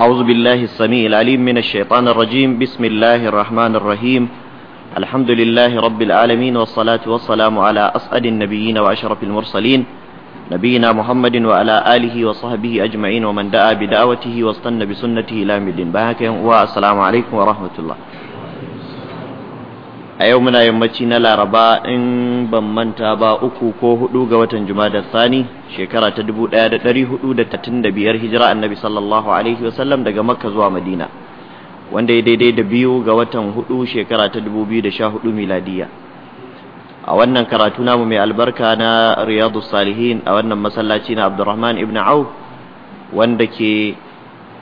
أعوذ بالله السميع العليم من الشيطان الرجيم بسم الله الرحمن الرحيم الحمد لله رب العالمين والصلاة والسلام على أسعد النبيين وأشرف المرسلين نبينا محمد وعلى آله وصحبه أجمعين ومن دعا بدعوته واستنى بسنته إلى مدين باهك والسلام عليكم ورحمة الله a yau muna yammaci na laraba in ban manta ba uku ko hudu ga watan jumada sani shekara ta dubu daya da dari hudu da tatin da biyar hijira annabi sallallahu alaihi wasallam daga makka zuwa madina wanda ya daidai da biyu ga watan hudu shekara ta dubu biyu da sha hudu miladiya a wannan karatu namu mai albarka na riyadu salihin a wannan masallaci na abdurrahman ibn au wanda ke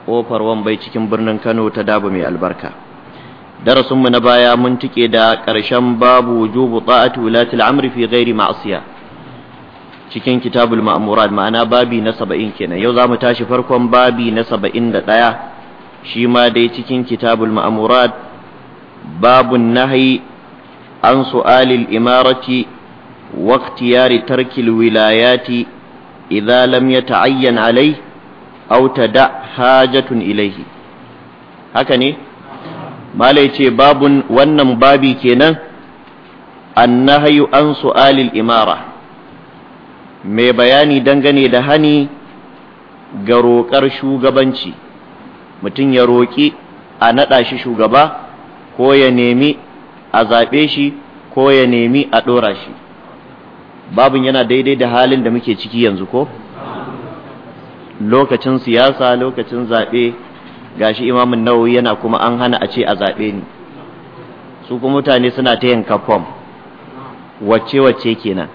kofar wambai cikin birnin kano ta daba mai albarka darasinmu na baya mun tike da ƙarshen babu wujubu ta'ati wulatil amri fi ghairi ma'asiya cikin kitabul ma'murat ma'ana babi na 70 kenan yau zamu tashi farkon babi na 71 shi ma dai cikin kitabul ma'murat babun nahyi an su'alil imarati wa ikhtiyari tarkil wilayati idza lam yata'ayyan alai aw tada hajatun ilayhi haka ne malai ce babun wannan babi kenan annahyu an su'alil imara mai bayani dangane da hani ga roƙar shugabanci mutum ya roƙi a naɗa shi shugaba ko ya nemi a zaɓe shi ko ya nemi a ɗora shi babin yana daidai da halin da muke ciki yanzu ko lokacin siyasa lokacin zaɓe gashi imamin nawawi yana kuma an hana a ce a zaɓe ni su kuma mutane suna ta yanka fom wacce wacce kenan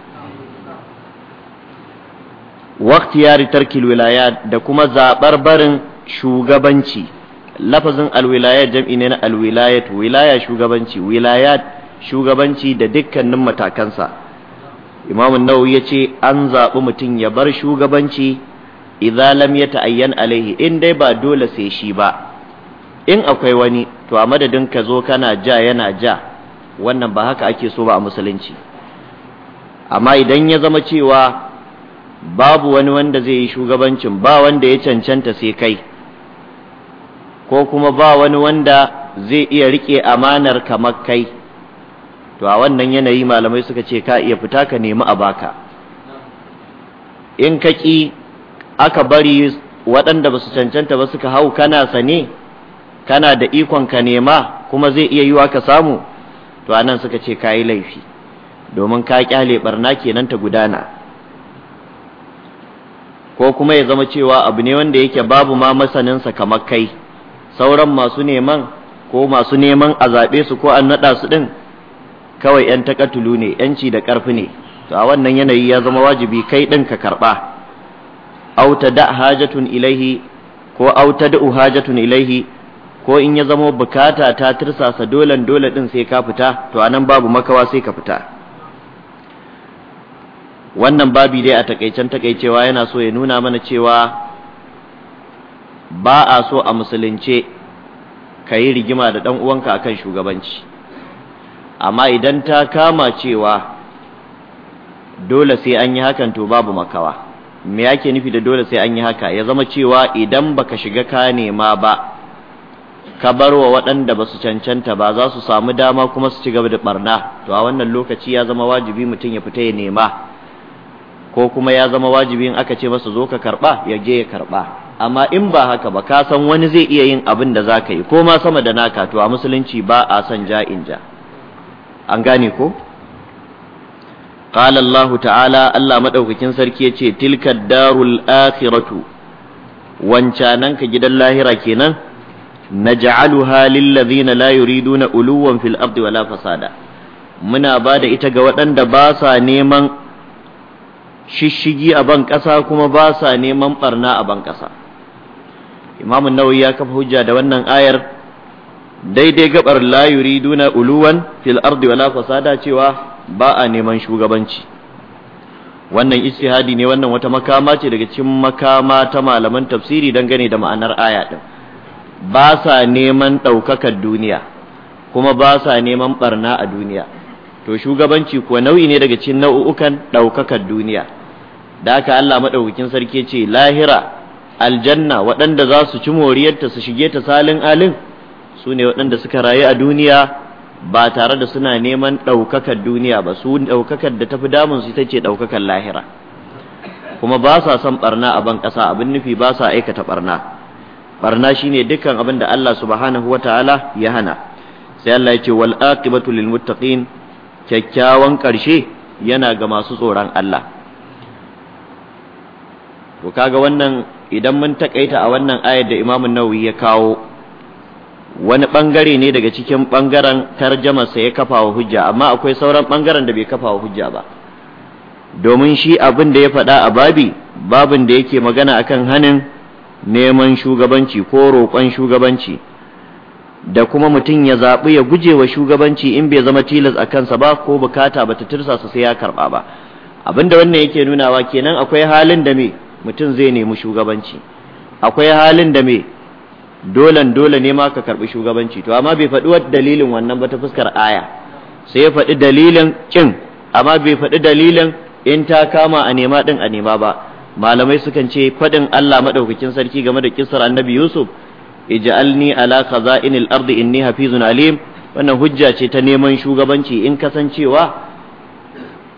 ya tarkil wilaya da kuma zaɓar barin shugabanci lafazin alwilayat jam'i ne na alwilayat wilaya shugabanci wilayat shugabanci da dukkanin matakansa Imamin nawawi ya ce an zaɓi mutum ya bar shugabanci idza lam yata'ayyan alaihi in dai ba dole sai shi ba in akwai wani to a madadin ka zo kana ja yana ja wannan ba haka ake so ba a musulunci amma idan ya zama cewa babu wani wanda zai yi shugabancin ba wanda ya cancanta sai kai ko kuma ba wani wanda zai iya riƙe amanar kamar kai to a wannan yanayi malamai suka ce ka iya fita ka nemi a baka in ka ƙi aka bari waɗanda ba su cancanta ba suka hau kana sane kana da ikon ka nema kuma zai iya yiwa ka samu to anan suka ce ka yi laifi domin ka kyale barna kenan ta gudana ko kuma ya zama cewa abu ne wanda yake babu ma masaninsa kamar kai sauran masu neman ko masu neman a zaɓe su ko an naɗa su ɗin kawai 'yan takatulu ne 'yanci da ƙarfi ne to a wannan yanayi ya zama wajibi kai ɗin ka karɓa aw tada hajatun ilaihi ko aw tad'u hajatun ilaihi ko in ya zamo bukata ta tirsasa dole dole din sai ka fita to anan babu makawa sai ka fita wannan babi dai a takaicen takaicewa yana so ya nuna mana cewa ba a so a musulunce ka yi rigima da ɗan uwanka akan shugabanci amma idan ta kama cewa dole sai an yi hakan to babu makawa me yake nufi da dole sai an yi haka ya zama cewa idan baka shiga ka nema ba ka bar wa waɗanda ba su cancanta ba za su samu dama kuma su ci gaba da barna to a wannan lokaci ya zama wajibi mutum ya fita ya nema ko kuma ya zama wajibi in aka ce masa zo ka karɓa ya je ya karɓa amma in ba haka ba ka san wani zai iya yin abin da za ka yi ko ma sama da naka to a musulunci ba a son ja'in ja an gane ko قال الله تعالى الله مدوكين سركي yace tilka darul akhiratu wancanan gidan lahira kenan naj'aluha lil ladina la yuriduna uluwan fil ardi wala fasada muna bada ita ga waɗanda ba sa neman shishigi a ban ƙasa kuma ba sa neman ɓarna a ban ƙasa Imam Nawawi ya kafa hujja da wannan ayar daidai gabar la yuriduna uluwan fil wala fasada cewa ba a neman shugabanci wannan istihadi ne wannan wata makama ce daga cikin makama ta malaman tafsiri dangane da ma'anar aya din ba sa neman ɗaukakar duniya kuma ba sa neman barna a duniya to shugabanci kuwa nau'i ne daga cikin nau'ukan ɗaukakar duniya da haka Allah maɗaukakin sarki ce lahira aljanna waɗanda za su ci moriyarta su shige ta salin alin su ne waɗanda suka rayu a duniya ba tare da suna neman ɗaukakar duniya ba su ɗaukakar da tafi damun su ta ce ɗaukakar lahira kuma ba sa son ɓarna a ban ƙasa abin nufi ba sa aikata ɓarna. Ɓarna shine dukkan abin da Allah subhanahu ta'ala ya hana sai Allah ya ce wal aqibatu lil muttaqin kyakkyawan ƙarshe yana ga masu tsoron Allah to kaga wannan idan mun takaita a wannan ayar da Imam Nawawi ya kawo wani bangare ne daga cikin bangaren tarjamarsa ya kafa wa hujja amma akwai sauran bangaren da bai kafa wa hujja ba domin shi abin da ya faɗa a babi babin da yake magana akan hanin neman shugabanci ko roƙon shugabanci da kuma mutum ya zaɓi ya guje wa shugabanci in bai zama tilas a kansa ba ko bukata ba ta su sai ya karɓa ba abin da wannan yake nunawa kenan akwai halin da me mutum zai nemi shugabanci akwai halin da me dolan dole ne ma ka karɓi shugabanci to amma bai faɗi dalilin wannan ba ta fuskar aya sai ya faɗi dalilin kin amma bai faɗi dalilin in ta kama a nema ɗin a nema ba malamai sukan ce faɗin Allah maɗaukakin sarki game da kissar annabi Yusuf ij'alni ala khaza'inil ardi inni hafizun alim wannan hujja ce ta neman shugabanci in kasancewa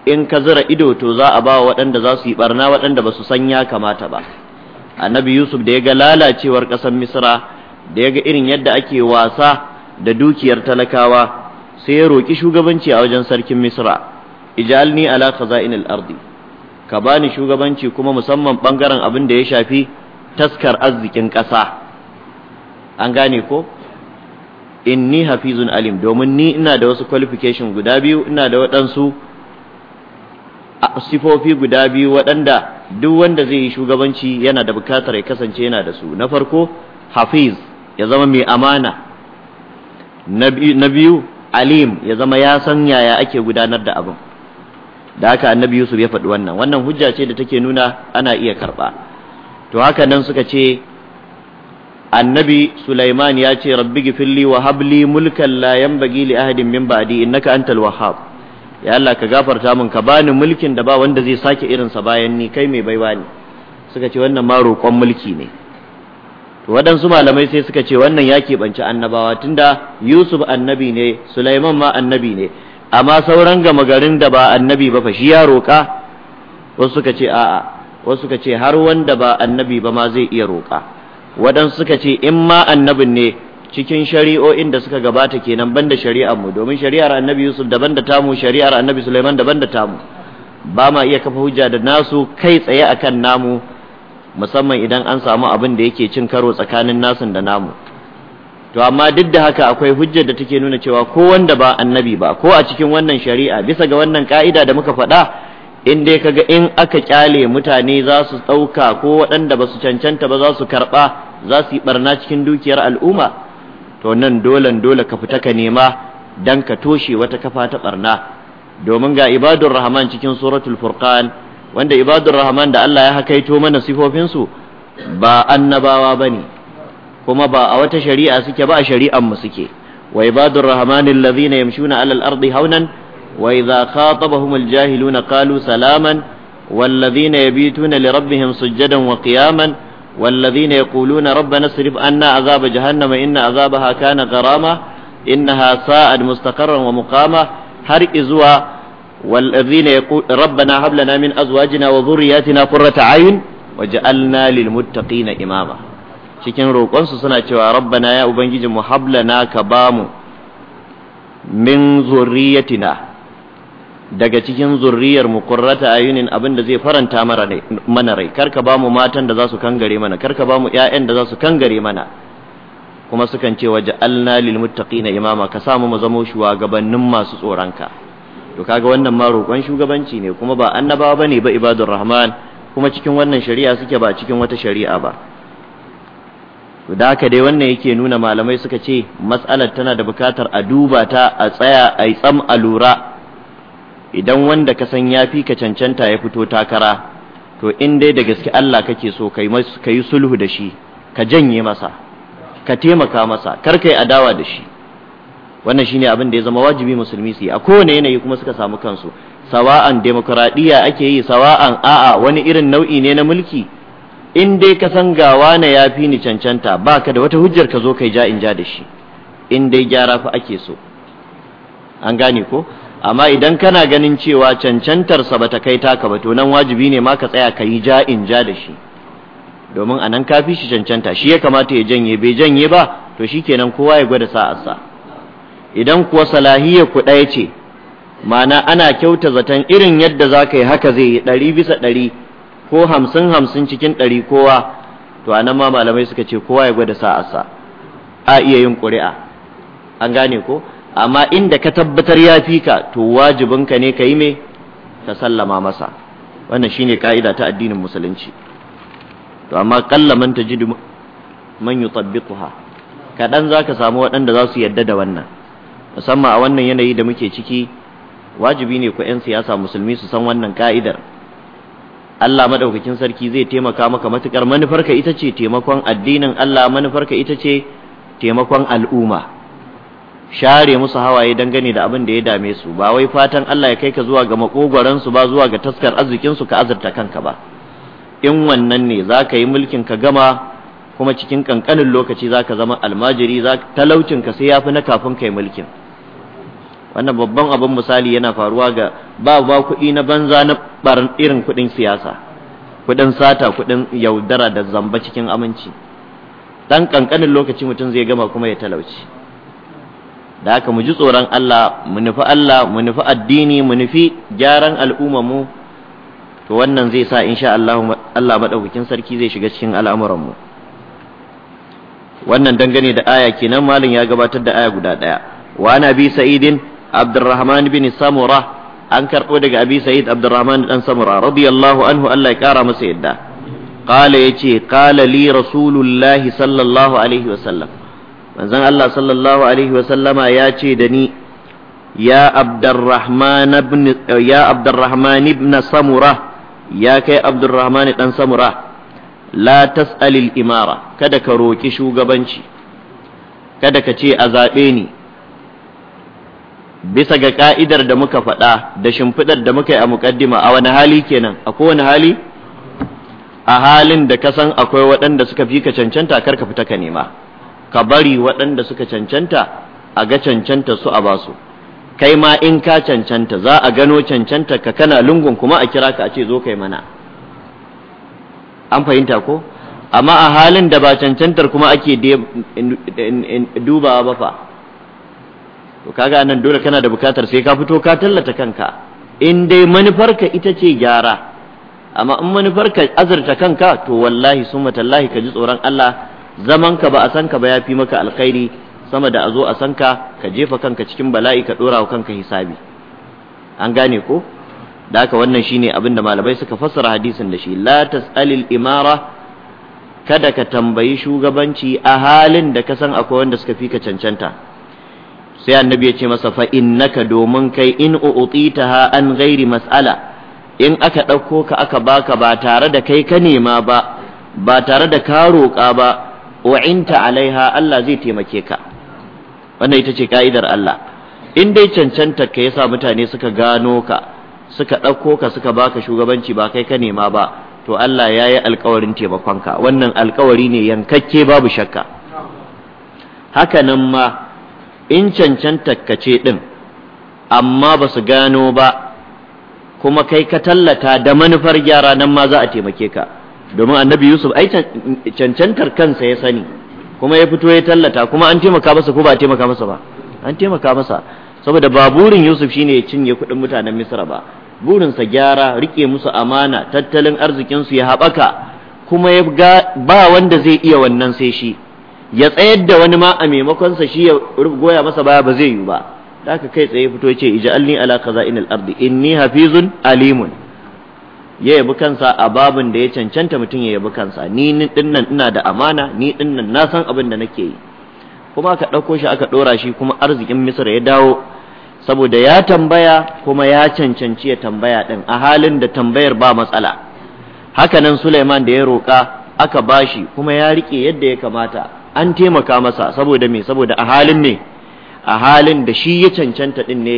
in ka zira ido to za a ba waɗanda za su yi barna waɗanda ba su san ya kamata ba annabi yusuf da ya ga lalacewar ƙasar misra da ya ga irin yadda ake wasa da dukiyar talakawa sai ya roƙi shugabanci a wajen sarkin misra ijalni ala khaza'in al-ardi ka bani shugabanci kuma musamman bangaren abin da ya shafi taskar arzikin ƙasa an gane ko inni hafizun alim domin ni ina da wasu qualification guda biyu ina da waɗansu sifofi guda biyu waɗanda duk wanda zai yi shugabanci yana da bukatar ya kasance yana da su na farko hafiz ya zama mai amana na biyu alim ya zama ya san yaya ake gudanar da abin da haka annabi yusuf ya faɗi wannan wannan hujja ce da take nuna ana iya karɓa to haka nan suka ce annabi sulaiman ya ce rabbi gifilli wa habli mulkan la yanbaghi li ahadin min ba'di innaka antal wahhab ya Allah ka gafarta min ka bani mulkin da ba wanda zai sake irinsa bayan ni kai mai baiwa ne suka ce wannan ma roƙon mulki ne to waɗansu malamai sai suka ce wannan ya keɓance annabawa tunda yusuf annabi ne sulaiman ma annabi ne amma sauran gama garin da ba annabi ba fa shi ya roƙa wasu suka ce a'a wasu suka ce har wanda ba annabi ba ma zai iya roƙa waɗansu suka ce in ma annabin ne cikin shari'o'in da suka gabata kenan banda shari'ar mu domin shari'ar annabi yusuf daban da tamu shari'ar annabi sulaiman daban da tamu ba ma iya kafa hujja da nasu kai tsaye akan namu musamman idan an samu abin da yake cin karo tsakanin nasin da namu to amma duk da haka akwai hujjar da take nuna cewa ko wanda ba annabi ba ko a cikin wannan shari'a bisa ga wannan ka'ida da muka faɗa in dai kaga in aka kyale mutane za su ɗauka ko waɗanda ba su cancanta ba za su karɓa za su yi ɓarna cikin dukiyar al'umma to nan dolan dole ka fita ka nema don ka toshe wata kafa ta ɓarna domin ga ibadur rahman cikin suratul furqan wanda ibadur rahman da Allah ya hakaito mana sifofinsu ba annabawa ba ne kuma ba a wata shari'a suke ba a shari'an mu suke wa ibadur rahman allazina yamshuna alal ardi haunan wa idza khatabahum aljahiluna qalu salaman والذين يبيتون لربهم سجدا وقياما والذين يقولون ربنا اصرف عنا عذاب جهنم إن عذابها كان غراما إنها ساءت مستقرا ومقاما har izuwa والذين يقول ربنا هب لنا من ازواجنا وذرياتنا قرة عين وجعلنا للمتقين اماما cikin roƙonsu suna cewa rabbana ya ubangiji mu hablana ka bamu min zurriyatina daga cikin zurriyar mu qurrata ayunin abinda zai faranta mana rai karka bamu matan da za su kangare mana karka bamu ƴaƴan da za su kangare mana kuma sukan ce waja'alna lil muttaqina imama ka samu mu zamo shuwagabannin masu tsoronka to kaga wannan ma roƙon shugabanci ne kuma ba annabawa bane ba ibadur rahman kuma cikin wannan shari'a suke ba cikin wata shari'a ba to da haka dai wannan yake nuna malamai suka ce mas'alar tana da bukatar a duba ta a tsaya a yi tsam a lura idan wanda ka san ya fi ka cancanta ya fito takara to in dai da gaske Allah kake so kai kai sulhu da shi ka janye masa ka taimaka masa kar kai adawa da shi wannan shine abin da ya zama wajibi musulmi su yi a kowane yanayi kuma suka samu kansu sawa'an demokradiyya ake yi sawa'an a'a wani irin nau'i ne na mulki in dai ka san gawa na ya fi ni cancanta baka da wata hujjar ka zo kai ja in ja da shi in dai gyara fa ake so an gane ko amma idan kana ganin cewa cancantarsa bata kai taka ba to nan wajibi ne ma ka tsaya ka yi ja in ja da shi domin anan ka fi shi cancanta shi ya kamata ya janye bai janye ba to shikenan kowa ya gwada sa'arsa idan kuwa salahiyar ku ɗaya ce ma'ana ana kyauta zaton irin yadda za ka yi haka zai yi ɗari bisa ɗari ko hamsin hamsin cikin ɗari kowa to a nan ma malamai suka ce kowa ya gwada sa'asa a iya yin ƙuri'a an gane ko amma inda ka tabbatar ya fi ka to wajibinka ne ka yi me ka sallama masa wannan shine ka'ida ta addinin musulunci to amma kalla man tajidu man yutabbiquha kadan zaka samu waɗanda za su yadda da wannan musamman a wannan yanayi da muke ciki wajibi ne ku 'yan siyasa musulmi su san wannan ka'idar Allah madaukakin sarki zai taimaka maka matukar manufarka ita ce taimakon addinin Allah manufarka ita ce taimakon al'umma share musu hawaye dangane da abin da ya dame su ba wai fatan Allah ya kai ka zuwa ga makogoran su ba zuwa ga taskar arzikin su ka azurta kanka ba in wannan ne za ka yi mulkin ka gama kuma cikin kankanin lokaci za ka zama almajiri talaucin ka sai ya fi na kafin ka yi mulkin wannan babban abin misali yana faruwa ga ba ba kuɗi na banza na barin irin kuɗin siyasa kuɗin sata kuɗin yaudara da zamba cikin aminci dan kankanin lokaci mutum zai gama kuma ya talauci da haka mu ji tsoron Allah mu nufi Allah mu nufi addini mu nufi gyaran al'ummar mu to wannan zai sa insha Allah Allah madaukakin sarki zai shiga cikin al'amuran mu wannan dangane da aya kenan malin ya gabatar da aya guda ɗaya. wa nabi sa'idin Abdurrahman bin Samura an karɓo daga Abi Sa'id Abdurrahman dan Samura radiyallahu anhu Allah ya kara masa yadda qala yace qala li rasulullahi sallallahu alaihi sallam manzon Allah sallallahu alaihi wasallama ya ce da ni ya Abdurrahman ibn ya Abdurrahman ibn Samura ya kai Abdurrahman dan Samura la tas'alil imara kada ka roki shugabanci kada ka ce a zaɓe ni bisa ga ka'idar da muka faɗa da shimfiɗar da muka yi a muƙaddima a wani hali kenan a kowane hali a halin da ka san akwai waɗanda suka fi ka cancanta kar ka fita ka nema ka bari waɗanda suka cancanta a ga cancanta su a basu kai ma in ka cancanta za a gano cancanta ka kana lungun kuma a kira ka a ce zo kai mana an fahimta ko amma a halin da ba cancantar kuma ake dubawa ba fa to kaga nan dole kana da bukatar sai ka fito ka tallata kanka in dai manufarka ita ce gyara amma in manufarka azurta kanka to wallahi summa tallahi ka ji tsoron Allah zaman ka ba a san ka ba yafi maka alkhairi sama da a zo a san ka ka jefa kanka cikin bala'i ka dora wa kanka hisabi an gane ko da haka wannan shine abin da malamai suka fassara hadisin da shi la tasalil imara kada ka tambayi shugabanci a halin da ka san akwai wanda suka fi ka cancanta sai annabi ya ce masa fa innaka domin kai in u'titaha an gairi mas'ala in aka ɗauko ka aka baka ba tare da kai ka nema ba ba tare da ka roƙa ba inta alaiha Allah zai taimake ka wannan ita ce ka'idar Allah in dai cancanta ka yasa mutane suka gano ka suka ɗauko ka suka baka shugabanci ba kai ka nema ba to Allah ya yi alkawarin ka wannan alkawari ne yankakke babu shakka haka nan ma in cancanta takkace ce ɗin amma ba su gano ba kuma kai ka tallata da manufar gyara nan ma za a taimake ka domin annabi yusuf ai cancantar kansa ya sani kuma ya fito ya tallata kuma an taimaka masa ko ba a taimaka masa ba an taimaka masa saboda ba burin yusuf shine ya cinye kuɗin mutanen misra ba burinsa gyara rike musu amana tattalin arzikinsu ya haɓaka kuma ya ba wanda zai iya wannan sai shi ya tsayar da wani ma a maimakon sa shi ya goya masa baya ba zai yi ba da aka kai tsaye fito ce ij'alni ala khaza'inil ardi inni hafizun alimun ya yabi kansa a babin da ya cancanta mutum ya yabi kansa ni dinnan ina da amana ni dinnan na san abin da nake yi kuma aka ɗauko shi aka ɗora shi kuma arzikin misir ya dawo saboda ya tambaya kuma ya cancanci ya tambaya ɗin a halin da tambayar ba matsala hakanan suleiman da ya roƙa aka bashi kuma ya riƙe yadda ya kamata an taimaka masa saboda me saboda a halin me a halin da shi ya cancanta din ne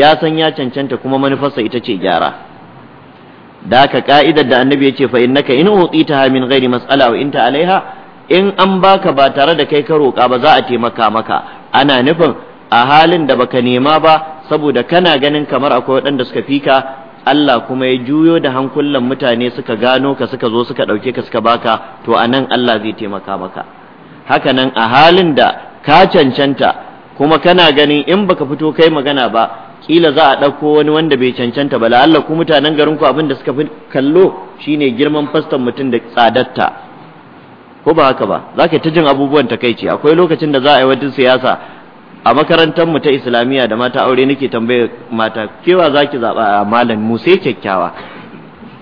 ya san ya cancanta kuma manufarsa ita ce gyara da ka ka'idar da annabi ya ce fa innaka in ha min ghairi mas'ala wa inta alaiha in an baka ba tare da kai ka roƙa ba za a taimaka maka ana nufin a halin da baka nema ba saboda kana ganin kamar akwai waɗanda suka fika Allah kuma ya juyo da hankulan mutane suka gano ka suka zo suka ɗauke ka suka baka to anan Allah zai taimaka maka hakanan a halin da ka cancanta kuma kana ganin in baka fito kai magana ba kila za a ɗauko wani wanda bai cancanta ba la'allah ku mutanen garin ku abin da suka fi kallo shine girman fastan mutum da tsadarta. ko ba haka ba za ka ta jin abubuwan takaici akwai lokacin da za a yi wajen siyasa a makarantar mu ta islamiyya da mata aure nake tambayar mata kewa za ki zaɓa a malam mu sai kyakkyawa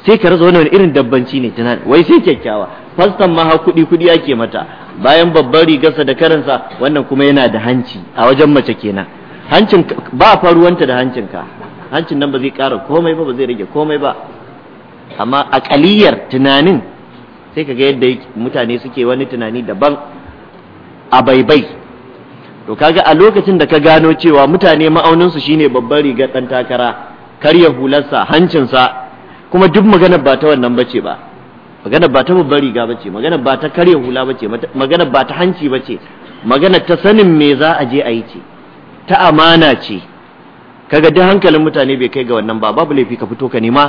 sai ka rasa wani irin dabbanci ne tunani wai sai kyakkyawa fastan ma har kuɗi kuɗi ake mata bayan babban rigarsa da karansa wannan kuma yana da hanci a wajen mace kenan hancin ba faruwanta da hancinka hancin nan ba zai ƙara komai ba ba zai rage komai ba amma akaliyar tunanin sai ka ga yadda mutane suke wani tunani daban a baibai to kaga a lokacin da ka gano cewa mutane ma'auninsu shine babban rigar ɗan takara karya hularsa hancinsa kuma duk maganar ba ta wannan bace ba maganar ba ta babbar riga bace maganar ba ta karya hula bace maganar ba ta hanci bace maganar ta sanin me za a je a yi ce ta amana ce kaga duk hankalin mutane bai kai ga wannan ba babu laifi ka fito ka nema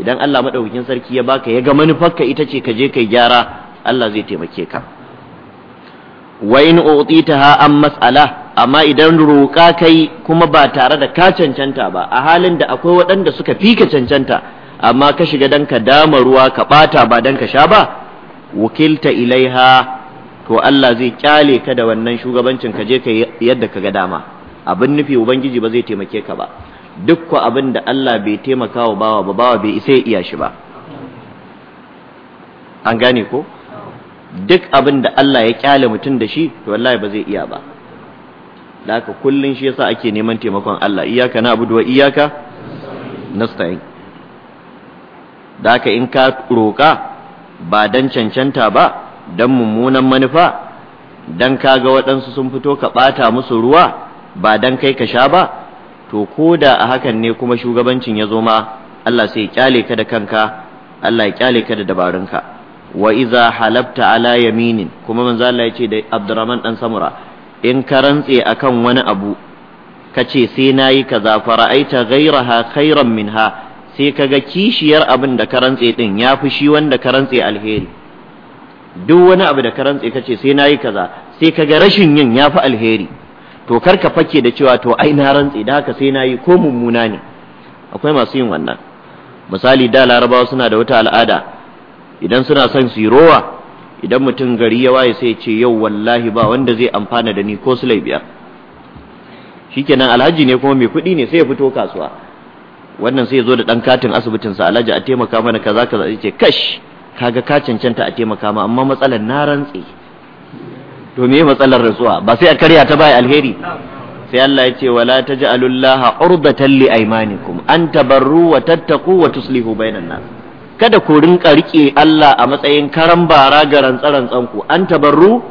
idan Allah madaukakin sarki ya baka ya ga manufar ka ita ce ka je kai gyara Allah zai taimake ka wa in utitaha am mas'ala amma idan roƙa kai kuma ba tare da ka cancanta ba a halin da akwai waɗanda suka fika cancanta amma ka shiga dan ka dama ruwa ka bata ba dan ka sha ba wukilta ilaiha to Allah zai kyale ka da wannan shugabancin ka je ka yadda ka ga dama abin nufi ubangiji ba zai taimake ka ba duk ko abin da Allah bai taimaka wa bawa ba bawa bai isa iya shi ba an gane ko duk abin da Allah ya kyale mutum da shi to wallahi ba zai iya ba da haka kullun shi yasa ake neman taimakon Allah iyaka na abudu wa iyaka nasta'in da haka in ka roƙa ba dan cancanta ba dan mummunan manufa dan ga waɗansu sun fito ka ɓata musu ruwa ba dan kai ka sha ba to ko da a hakan ne kuma shugabancin ya zo ma Allah sai ya kyale ka da kanka Allah ya kyale ka da dabarunka wa iza halabta ala yaminin kuma manzo Allah ya ce da Abdurrahman dan Samura in ka rantse akan wani abu kace sai nayi kaza aita ghairaha khairan minha sai kaga kishiyar abin da ka rantse din ya fi shi wanda ka rantse alheri duk wani abu da ka rantse kace sai nayi kaza sai kaga rashin yin ya fi alheri to kar ka fake da cewa to ai na rantse da haka sai nayi ko mummuna ne akwai masu yin wannan misali da larabawa suna da wata al'ada idan suna son su yi rowa idan mutum gari ya waye sai ce yau wallahi ba wanda zai amfana da ni ko sulai biyar shikenan alhaji ne kuma mai kuɗi ne sai ya fito kasuwa wannan sai ya zo da dan katin asibitin sa alhaji a taimaka mana kaza kaza yace kash kaga ka cancanta a taimaka ma amma matsalar na rantsi to me matsalar rantsuwa ba sai a karya ta bai alheri sai Allah ya ce wala taj'alullaha urdatan li aymanikum an tabarru wa tattaqu wa tuslihu bainan nas kada ku rinka rike Allah a matsayin karan bara ga rantsaran ku an tabarru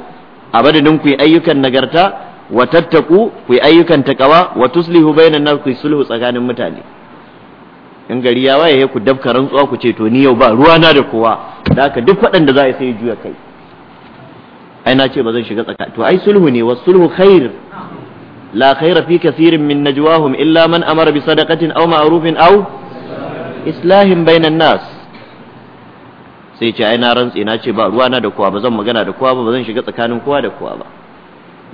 a madadin ku yi ayyukan nagarta wa tattaku ku yi ayyukan takawa wa tuslihu bainan nas ku sulhu tsakanin mutane in gari ya waye ya ku dafka rantsuwa ku ce to ni yau ba ruwa na da kowa da haka duk waɗanda za a sai juya kai ai na ce ba zan shiga tsaka to ai sulhu ne wa sulhu khair la khaira fi kathirin min najwahum illa man amara bi sadaqatin aw ma'rufin aw islahin bainan nas sai ce ai na rantsi na ce ba ruwa na da kowa ba zan magana da kowa ba ba zan shiga tsakanin kowa da kowa ba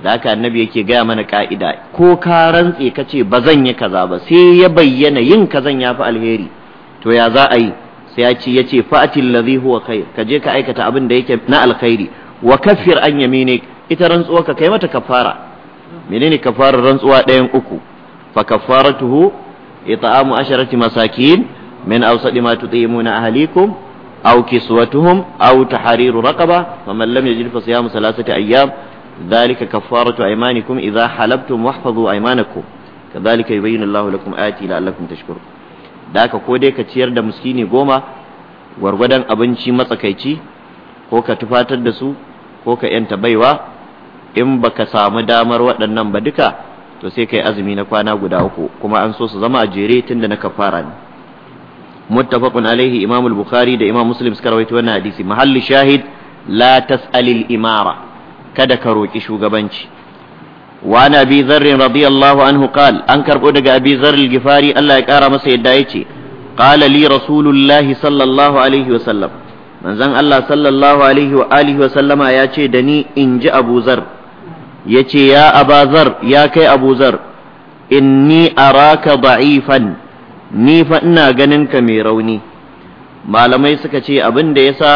da haka annabi yake gaya mana ka'ida ko ka rantse ka ce ba zan yi kaza ba sai ya bayyana yin kazan ya fi alheri to ya za a yi sai ya ce ya ce fa'atil ladhi huwa khair ka je ka aikata abin da yake na alkhairi wa kaffir an yamine ita rantsuwa ka kai mata kafara menene kafarar rantsuwa ɗayan uku fa kafaratuhu it'amu asharati masakin min awsadi ma tut'imuna ahlikum aw kiswatuhum aw tahriru raqaba faman lam yajid fa siyamu thalathati ayyam ذلك كفارة أيمانكم إذا حلبتم واحفظوا أيمانكم كذلك يبين الله لكم آياته لعلكم تشكرون ذاك كودي كتير ده مسكيني غوما ورغدان أبنشي مسكيتي ko ka tufatar da su ko ka yanta baiwa in baka samu damar waɗannan ba duka to sai kai azumi na kwana guda uku kuma an so su zama a jere tun da na kafara ne muttafaqun alaihi imamul bukhari da imam muslim suka rawaito wannan hadisi muhalli shahid la tas'alil imara kada ka roƙi shugabanci wa na bi zarrin radiyallahu anhu qal an karɓo daga abi zarrin gifari Allah ya ƙara masa yadda ya ce qala li rasulullahi sallallahu alaihi wasallam manzon Allah sallallahu alaihi wa alihi wasallama ya ce da ni in ji Abu Zar ya ce ya Abazar ya kai Abu Zar inni araka da'ifan ni fa ina ganin ka mai rauni malamai suka ce abin da yasa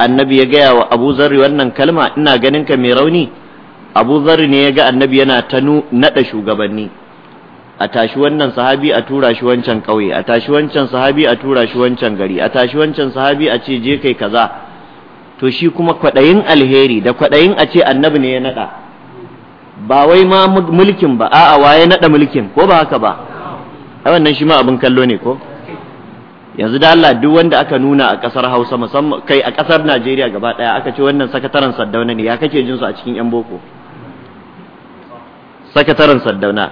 annabi ya gaya wa abu zarri wannan kalma ina ganin ka mai rauni abu zarri ne ya ga annabi yana ta naɗa shugabanni a tashi wannan sahabi a tura shi wancan ƙauye a tashi wancan sahabi a tura shi wancan gari a tashi wancan sahabi a ce je kai kaza to shi kuma kwaɗayin alheri da kwaɗayin a ce annabi ne ya naɗa ba wai ma mulkin ba a'a wa ya naɗa mulkin ko ba haka ba a wannan shi ma abin kallo ne ko yanzu da Allah duk wanda aka nuna a kasar Hausa musamman kai a kasar Najeriya gaba daya aka ce wannan sakataren Saddauna ne ya kake jin su a cikin yan boko sakataren Saddauna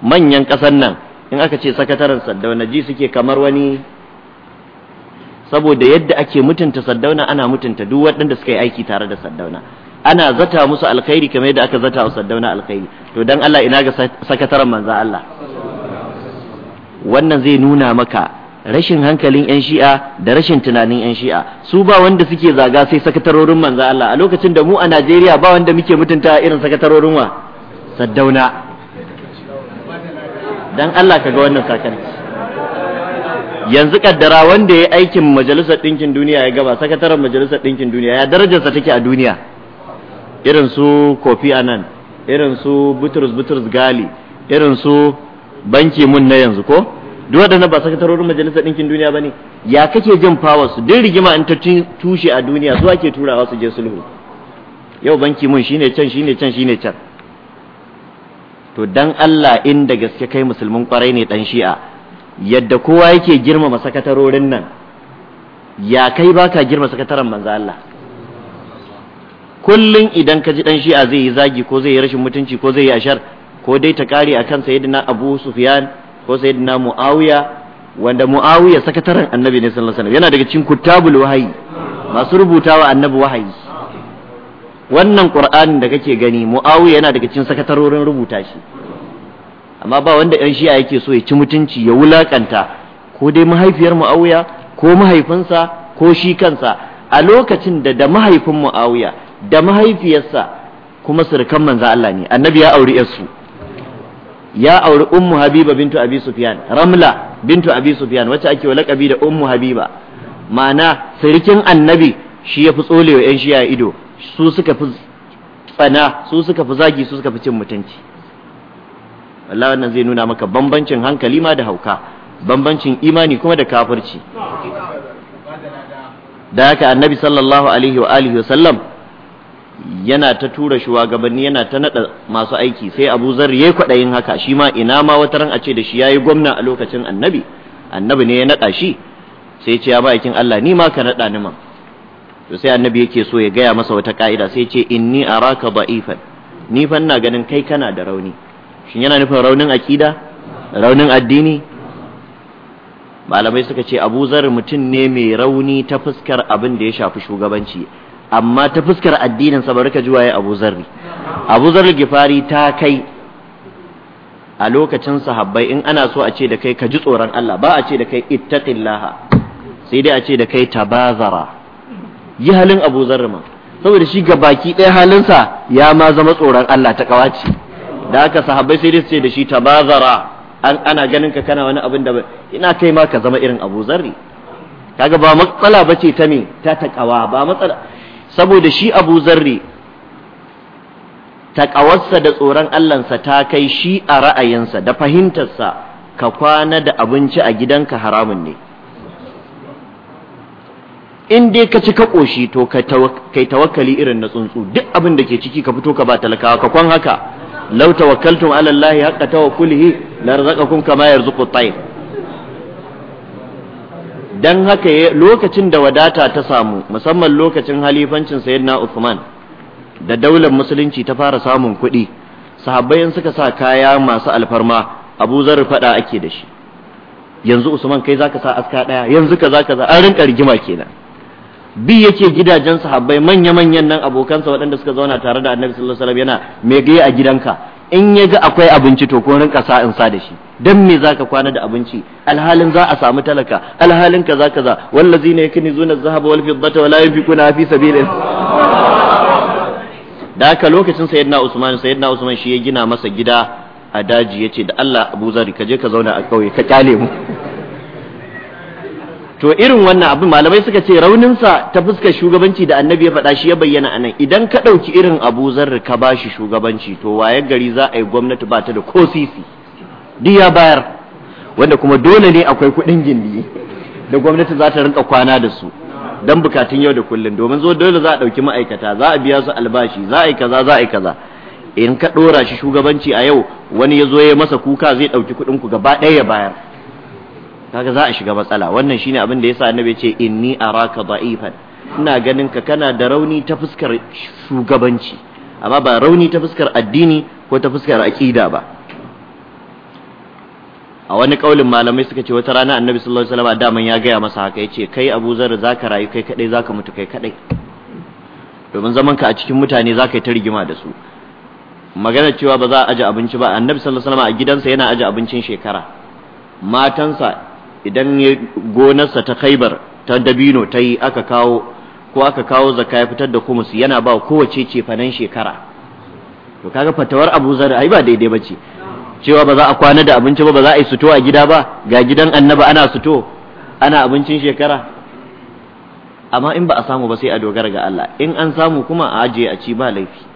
manyan kasar nan in aka ce sakataren Saddauna ji suke kamar wani saboda yadda ake mutunta Saddauna ana mutunta duk waɗanda suka yi aiki tare da Saddauna ana zata musu alkhairi kamar yadda aka zata wa Saddauna alkhairi to dan Allah ina ga sakataren manzo Allah wannan zai nuna maka rashin hankalin 'yan shi'a da rashin tunanin 'yan shi'a su ba wanda suke zaga sai sakatarorin manzo Allah a lokacin da mu a Najeriya ba wanda muke mutunta irin sakatarorin wa saddauna dan Allah kaga wannan sakar yanzu kaddara wanda ya aikin majalisar ɗinkin duniya ya gaba sakataren majalisar ɗinkin duniya ya darajarsa take a duniya irin su Kofi Annan irin su Butrus Butrus Gali irin su banki mun na yanzu ko duk waɗannan ba sakatarorin majalisar ɗinkin duniya ba ne ya kake jin fawa su duk rigima in ta tushe a duniya su ake turawa su je sulhu yau banki mun shine can shine can shine can to dan Allah in da gaske kai musulmin kwarai ne dan shi'a yadda kowa yake girmama sakatarorin nan ya kai baka girma sakataren manzo Allah kullun idan ka ji dan shi'a zai yi zagi ko zai yi rashin mutunci ko zai yi ashar ko dai ta kare akan sayyidina Abu Sufyan ko sayyidina muawiya wanda muawiya sakataren annabi ne sallallahu alaihi wasallam yana daga cikin kutabul wahayi masu rubutawa annabi wahayi wannan ƙur'anin da kake gani muawiya yana daga cikin sakatarorin rubuta shi amma ba wanda yan shi'a yake so ya ci mutunci ya wulakanta ko dai mahaifiyar muawiya ko mahaifinsa ko shi kansa a lokacin da da mahaifin muawiya da mahaifiyarsa kuma surukan manzo Allah ne annabi ya auri yarsu ya auri ummu habiba bintu abi sufyan ramla bintu abi sufyan wacce ake lakabi da ummu habiba ma'ana sirikin annabi shi ya fi tsolewa yan shiya ido su suka fi tsana su suka fi zagi su suka fi cin mutunci wallahi wannan zai nuna maka bambancin hankali ma da hauka bambancin imani kuma da kafirci da haka annabi sallallahu alaihi wa alihi wa sallam yana ta tura shugabanni yana ta nada masu aiki sai Abu Zar yayi kwadayin haka shi ma ina ma wata ran a ce da shi yayi gwamna a lokacin Annabi Annabi ne ya nada shi sai ce ya bakin Allah ni ma ka nada ni ma to sai Annabi yake so ya gaya masa wata ka'ida sai ce inni araka da'ifan ni fa ina ganin kai kana da rauni shin yana nufin raunin akida raunin addini malamai suka ce Abu Zar mutum ne mai rauni ta fuskar abin da ya shafi shugabanci amma ta fuskar addinin sa baraka juwa ya Abu Zarri Abu Zarri Gifari ta kai a lokacin sahabbai in ana so a ce da kai ka ji tsoron Allah ba a ce da kai ittaqillaha sai dai a ce da kai tabazara yi halin Abu Zarri ma saboda shi ga baki ɗaya halin sa, ya ma zama tsoron Allah ta kawaci da haka sahabbai sai dai su ce da shi tabazara an ana ganin ka kana wani abin da ina kai ma ka zama irin Abu Zarri kaga ba matsala bace ta me ta takawa ba matsala saboda shi abu zarri taƙawarsa da tsoron Allahnsa ta kai shi a ra'ayinsa da fahimtarsa ka kwana da abinci a gidanka haramun ne in dai ka ci ka ƙoshi to kai tawakkali irin na tsuntsu duk abin da ke ciki ka fito ka ba talakawa ka kwan haka lau tawakkaltum ala Allah haqqa tawakkulihi la razaqakum kama yarzuqu at dan haka lokacin da wadata ta samu musamman lokacin halifancin sayyidina Uthman da daular musulunci ta fara samun kuɗi sahabbai in suka sa kaya masu alfarma Abu Zar fada ake da shi yanzu Usman kai zaka sa aska daya yanzu ka zaka za an rinka rigima kenan bi yake gidajen sahabbai manya manyan nan abokansa waɗanda suka zauna tare da Annabi sallallahu alaihi wasallam yana me gaya a gidanka in ya ga akwai abinci to ko rinka sa in sa da shi dan me zaka kwana da abinci alhalin za a samu talaka alhalin kaza kaza wallazina yakunizuna zuna zahaba wal fiddata wa la yunfiquna fi sabilin da haka lokacin sayyidina Usman sayyidina Usman shi ya gina masa gida a daji yace da Allah Abu Zari ka je ka zauna a kauye ka kyale mu to irin wannan abin malamai suka ce rauninsa ta fuskar shugabanci da annabi ya faɗa shi ya bayyana anan idan ka ɗauki irin abu zarri ka ba shi shugabanci to waye gari za a yi gwamnati ba ta da ko sisi duk ya bayar wanda kuma dole ne akwai kuɗin gindi da gwamnati za ta rinka kwana da su dan bukatun yau da kullum domin zo dole za a ɗauki ma'aikata za a biya su albashi za a yi kaza za a yi kaza in ka ɗora shi shugabanci a yau wani ya zo ya masa kuka zai ɗauki kuɗin ku gaba ɗaya ya bayar kaga za a shiga matsala wannan shine abin da yasa annabi ce inni araka da'ifan ina ganin ka kana da rauni ta fuskar shugabanci amma ba rauni ta fuskar addini ko ta fuskar aqida ba a wani kaulin malamai suka ce wata rana annabi sallallahu alaihi wasallam daman ya gaya masa haka yace kai Abu Zar zaka rayu kai kadai zaka mutu kai kadai domin zaman ka a cikin mutane zaka yi ta rigima da su magana cewa ba za a aje abinci ba annabi sallallahu alaihi wasallam a gidansa yana aje abincin shekara matansa idan gonarsa ta khaibar ta dabino ta yi aka kawo ko aka kawo zakka ya fitar da kumus yana ba kowace ce fanan shekara to kaga fatawar Abu Zar ai ba daidai bace cewa ba za a kwana da abinci ba ba za a yi suto a gida ba ga gidan annaba ana suto ana abincin shekara amma in ba a samu ba sai a dogara ga Allah in an samu kuma a ajiye a ci ba laifi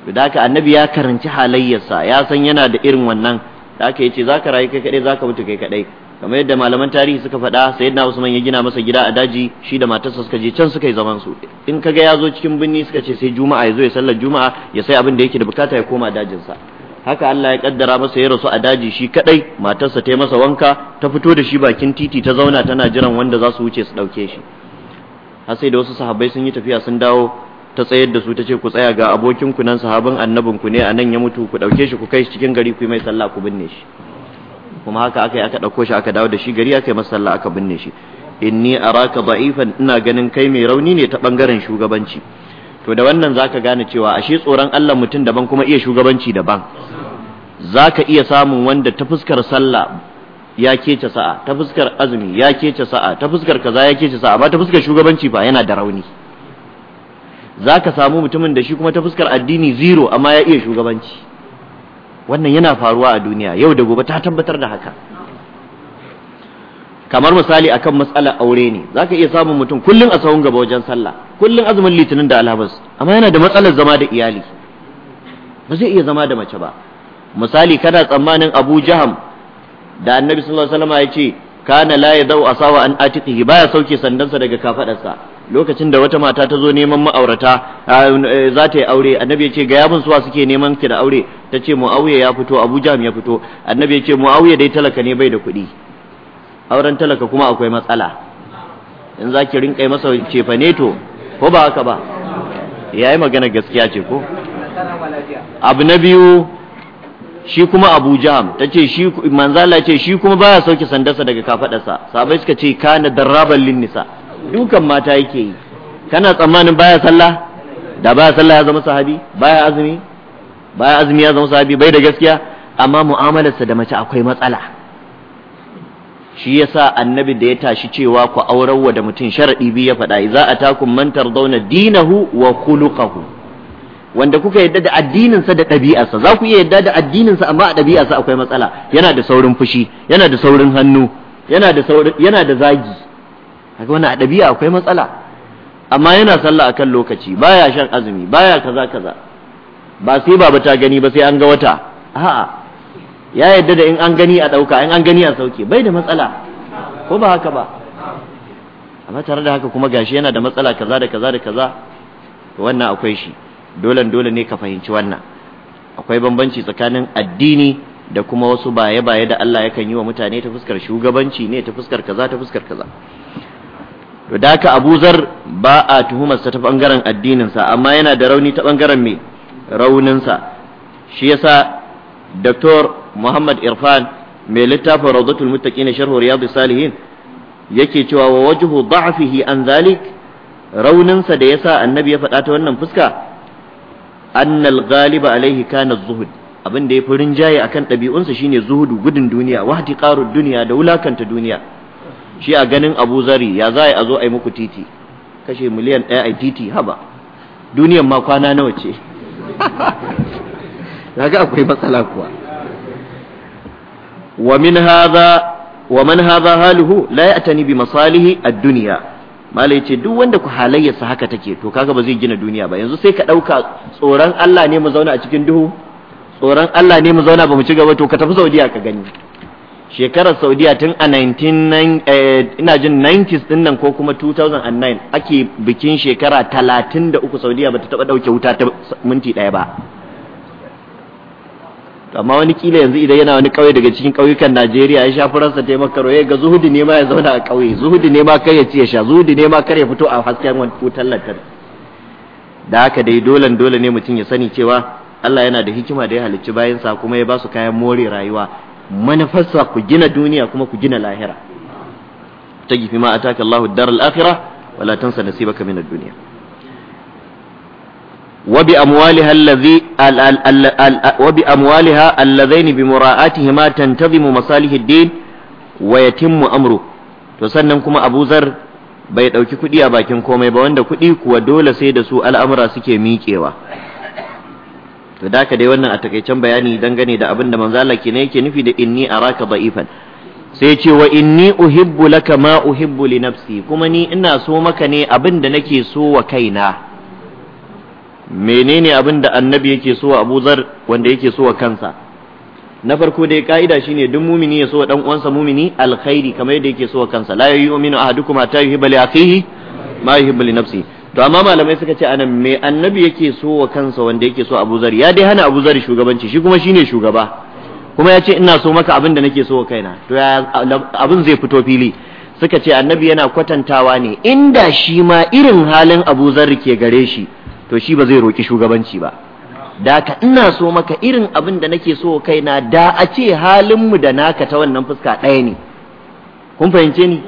To haka annabi ya karanci halayyarsa ya san yana da irin wannan da aka yi ce za ka rayu kai kaɗai, za ka mutu kai kaɗai? kamar yadda malaman tarihi suka faɗa sayyidina Usman ya gina masa gida a daji shi da matarsa suka je can suka yi zaman su in kaga ya zo cikin binni suka ce sai juma'a ya zo ya sallar juma'a ya sai abin da yake da bukata ya koma dajin sa haka Allah ya kaddara masa ya rasu a daji shi kadai matarsa ta yi masa wanka ta fito da shi bakin titi ta zauna tana jiran wanda za su wuce su dauke shi har sai da wasu sahabbai sun yi tafiya sun dawo ta tsayar da su ta ce ku tsaya ga abokin ku nan sahabin annabin ku ne a nan ya mutu ku dauke shi ku kai shi cikin gari ku yi mai sallah ku binne shi kuma haka aka yi aka ɗauko shi aka dawo da shi gari aka yi masa aka binne shi inni araka da'ifan ina ganin kai mai rauni ne ta bangaren shugabanci to da wannan zaka gane cewa ashe tsoron Allah mutum daban kuma iya shugabanci daban zaka iya samun wanda ta fuskar sallah ya kece sa'a ta fuskar azumi ya kece sa'a ta fuskar kaza ya kece sa'a amma ta fuskar shugabanci ba yana da rauni zaka samu mutumin da shi kuma ta fuskar addini zero amma ya iya shugabanci wannan yana faruwa a duniya yau da gobe ta tabbatar da haka kamar misali akan matsalar aure ne zaka iya samun mutum kullun a sahun gaba wajen sallah kullun azumin litinin da alhamis amma yana da matsalar zama da iyali ba zai iya zama da mace ba misali kana tsammanin Abu Jaham da Annabi sallallahu alaihi wasallam ya ce kana la yadau asawa an atiqihi baya sauke sandansa daga kafadarsa lokacin da wata mata ta zo neman ma'aurata eh, za ta yi aure annabi ya ce ga yabin suwa suke neman ki da aure ta ce mu'awiya ya fito abu jam ya fito annabi ya ce mu'awiya dai talaka ne bai da kuɗi auren talaka kuma akwai matsala in za ki rinƙai masa cefa to ko ba haka ba ya yi magana gaskiya ce ko abu na biyu shi kuma abu jam ta ce shi manzala ce shi kuma baya sauke sandarsa daga kafaɗarsa sabai suka ce kana darraban linnisa dukan mata yake yi kana tsammanin baya sallah da baya sallah ya zama sahabi baya azumi baya azumi ya zama sahabi bai da gaskiya amma mu'amalarsa da mace akwai matsala shi yasa annabi da ya tashi cewa ku wa da mutum sharadi biyu ya faɗa iza atakum man tardawna dinahu wa khuluquhu wanda kuka yadda da addininsa da ɗabi'arsa za ku iya yadda da addininsa amma a ɗabi'arsa akwai matsala yana da saurin fushi yana da saurin hannu yana da yana da zagi kaga wannan a ɗabi'a akwai matsala amma yana sallah akan lokaci baya shan azumi baya kaza kaza ba sai baba ta gani ba sai an ga wata a'a ya yadda da in an gani a ɗauka in an gani a sauke bai da matsala ko ba haka ba amma tare da haka kuma gashi yana da matsala kaza da kaza da kaza wannan akwai shi dole dole ne ka fahimci wannan akwai bambanci tsakanin addini da kuma wasu baye-baye da Allah yakan yi wa mutane ta fuskar shugabanci ne ta fuskar kaza ta fuskar kaza to da haka Abu Zar ba a tuhumarsa ta bangaren addininsa amma yana da rauni ta bangaren me rauninsa shi yasa Dr. Muhammad Irfan mai littafin Rawdatul Muttaqin sharh Riyadus Salihin yake cewa wa wajhu da'fihi an zalik rauninsa da yasa annabi ya faɗa ta wannan fuska annal ghaliba alaihi kana zuhud abinda ya fi rinjaye akan ɗabi'unsa shine zuhudu gudun duniya wahtiqarud duniya da wulakanta duniya shi a ganin abu zari ya za a zo a yi muku titi kashe miliyan ɗaya a titi haba duniyan ma kwana nawa ce ga akwai matsala kuwa wa min haza Halihu man hadha haluhu la ya'tani bi masalihi mala yace duk wanda ku halayyarsa haka take to kaga ba zai gina duniya ba yanzu sai ka ɗauka tsoron Allah ne mu zauna a cikin duhu tsoron Allah ne mu zauna ba mu ci gaba to ka tafi Saudiya ka gani shekarar saudiya tun a 19 eh, ina jin 90s din nan ko kuma 2009 ake bikin shekara 33 saudiya bata taba dauke wuta ta minti daya ba amma wani kila yanzu idan yana wani kauye daga cikin kauyukan Najeriya ya sha ransa ta makaro ya ga zuhudi ne ma ya zauna a kauye zuhudi ne ma kar ya ci ya sha zuhudi ne ma kar ya fito a hasken wutar lantarki da haka dai dolan dole ne mutum ya sani cewa Allah yana da hikima da ya halicci bayansa kuma ya ba su kayan more rayuwa manufarsa ku gina duniya kuma ku gina lahira ta gifi ma ataka Allahu daral akhirah wala tansa nasibaka min ad-dunya wa bi amwaliha allazi wa bi amwaliha allazain bi mura'atihima tantazimu masalih ad-din wa yatimmu amru to sannan kuma Abu Zar bai dauki kudi a bakin komai ba wanda kudi kuwa dole sai da su al'amura suke miƙewa to da ka dai wannan a takaicen bayani dangane da abin da manzo Allah kenan yake nufi da inni araka da'ifan sai ce wa inni uhibbu laka ma uhibbu li nafsi kuma ni ina so maka ne abin da nake so wa kaina menene abin da annabi yake so wa Abu Zar wanda yake so wa kansa na farko dai ka'ida shine duk mumini ya so wa dan uwansa mumini alkhairi kamar yadda yake so wa kansa la yu'minu ahadukum hatta yuhibbu li akhihi ma yuhibbu li nafsihi to amma malamai suka ce anan me annabi yake so wa kansa wanda yake so Abu Zar ya dai hana Abu Zar shugabanci shi kuma shine shugaba kuma ya ce ina so maka abin da nake so wa kaina to abin zai fito fili suka ce annabi yana kwatantawa ne inda shi ma irin halin Abu Zar ke gare shi to shi ba zai roki shugabanci ba da ka ina so maka irin abin da nake so wa kaina da a ce halin da naka ta wannan fuska ɗaya ne kun fahimce ni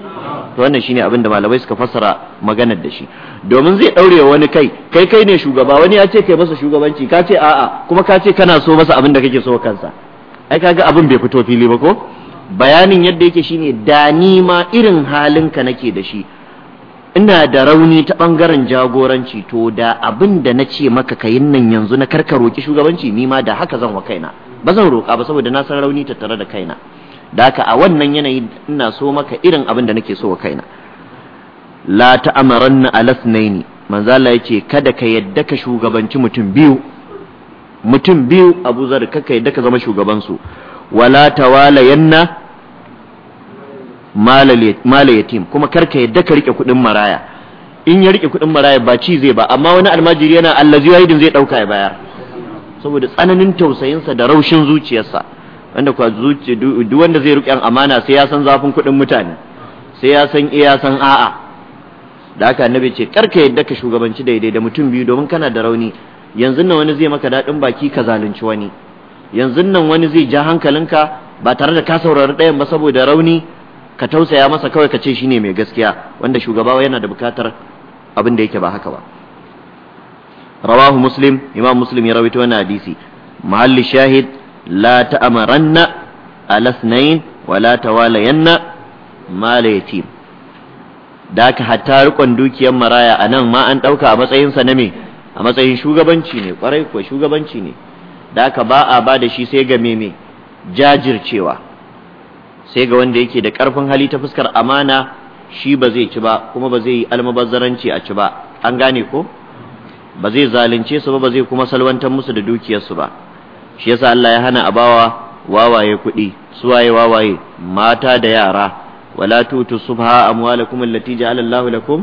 to wannan shine abin da malamai suka fassara maganar da shi domin zai daure wani kai kai kai ne shugaba wani ya ce kai masa shugabanci ka ce a'a kuma ka ce kana so masa abin da kake so kansa ai kaga abin bai fito fili ba ko bayanin yadda yake shine da ni ma irin halin ka nake da shi ina da rauni ta bangaren jagoranci to da abin da na ce maka kayin nan yanzu na karka roki shugabanci ni ma da haka zan wa kaina ba zan roka ba saboda na san rauni tattare da kaina da haka a wannan yanayi ina so maka irin abin da nake so wa kaina la ta'amaranna alasnaini manzo Allah yace kada ka yadda ka shugabanci mutum biyu mutum biyu Abu Zar kaka yadda ka zama shugaban su wala tawalayanna mala yatim kuma kar ka yadda ka rike kudin maraya in ya rike kudin maraya ba ci zai ba amma wani almajiri yana allazi wahidin zai dauka ya bayar saboda tsananin tausayinsa da raushin zuciyarsa wanda kwa zuci duk wanda zai riƙe amana sai ya san zafin kuɗin mutane sai ya san iya san a'a da haka annabi ce karka yadda ka shugabanci daidai da mutum biyu domin kana da rauni yanzu nan wani zai maka daɗin baki ka zalunci wani yanzu nan wani zai ja hankalinka ba tare da ka saurari ɗayan ba saboda rauni ka tausaya masa kawai ka ce shine mai gaskiya wanda shugaba yana da bukatar abin da yake ba haka ba rawahu muslim imam muslim ya rawaito wannan hadisi mahalli shahid la ta'amaranna alasnain wa la tawalayanna mala yatim da aka hatta rikon dukiyar maraya a nan ma an ɗauka a matsayinsa na a matsayin shugabanci ne kwarai kuwa shugabanci ne da aka ba a ba da shi sai ga meme jajircewa sai ga wanda yake da ƙarfin hali ta fuskar amana shi ba zai ci ba kuma ba zai yi almubazzaranci a ci ba an gane ko ba zai zalunce su ba ba zai kuma salwantar musu da dukiyarsu ba shi yasa Allah ya hana abawa wawaye kuɗi suwaye wawaye mata da yara wala tutu subha amwalakum allati ja'ala Allahu lakum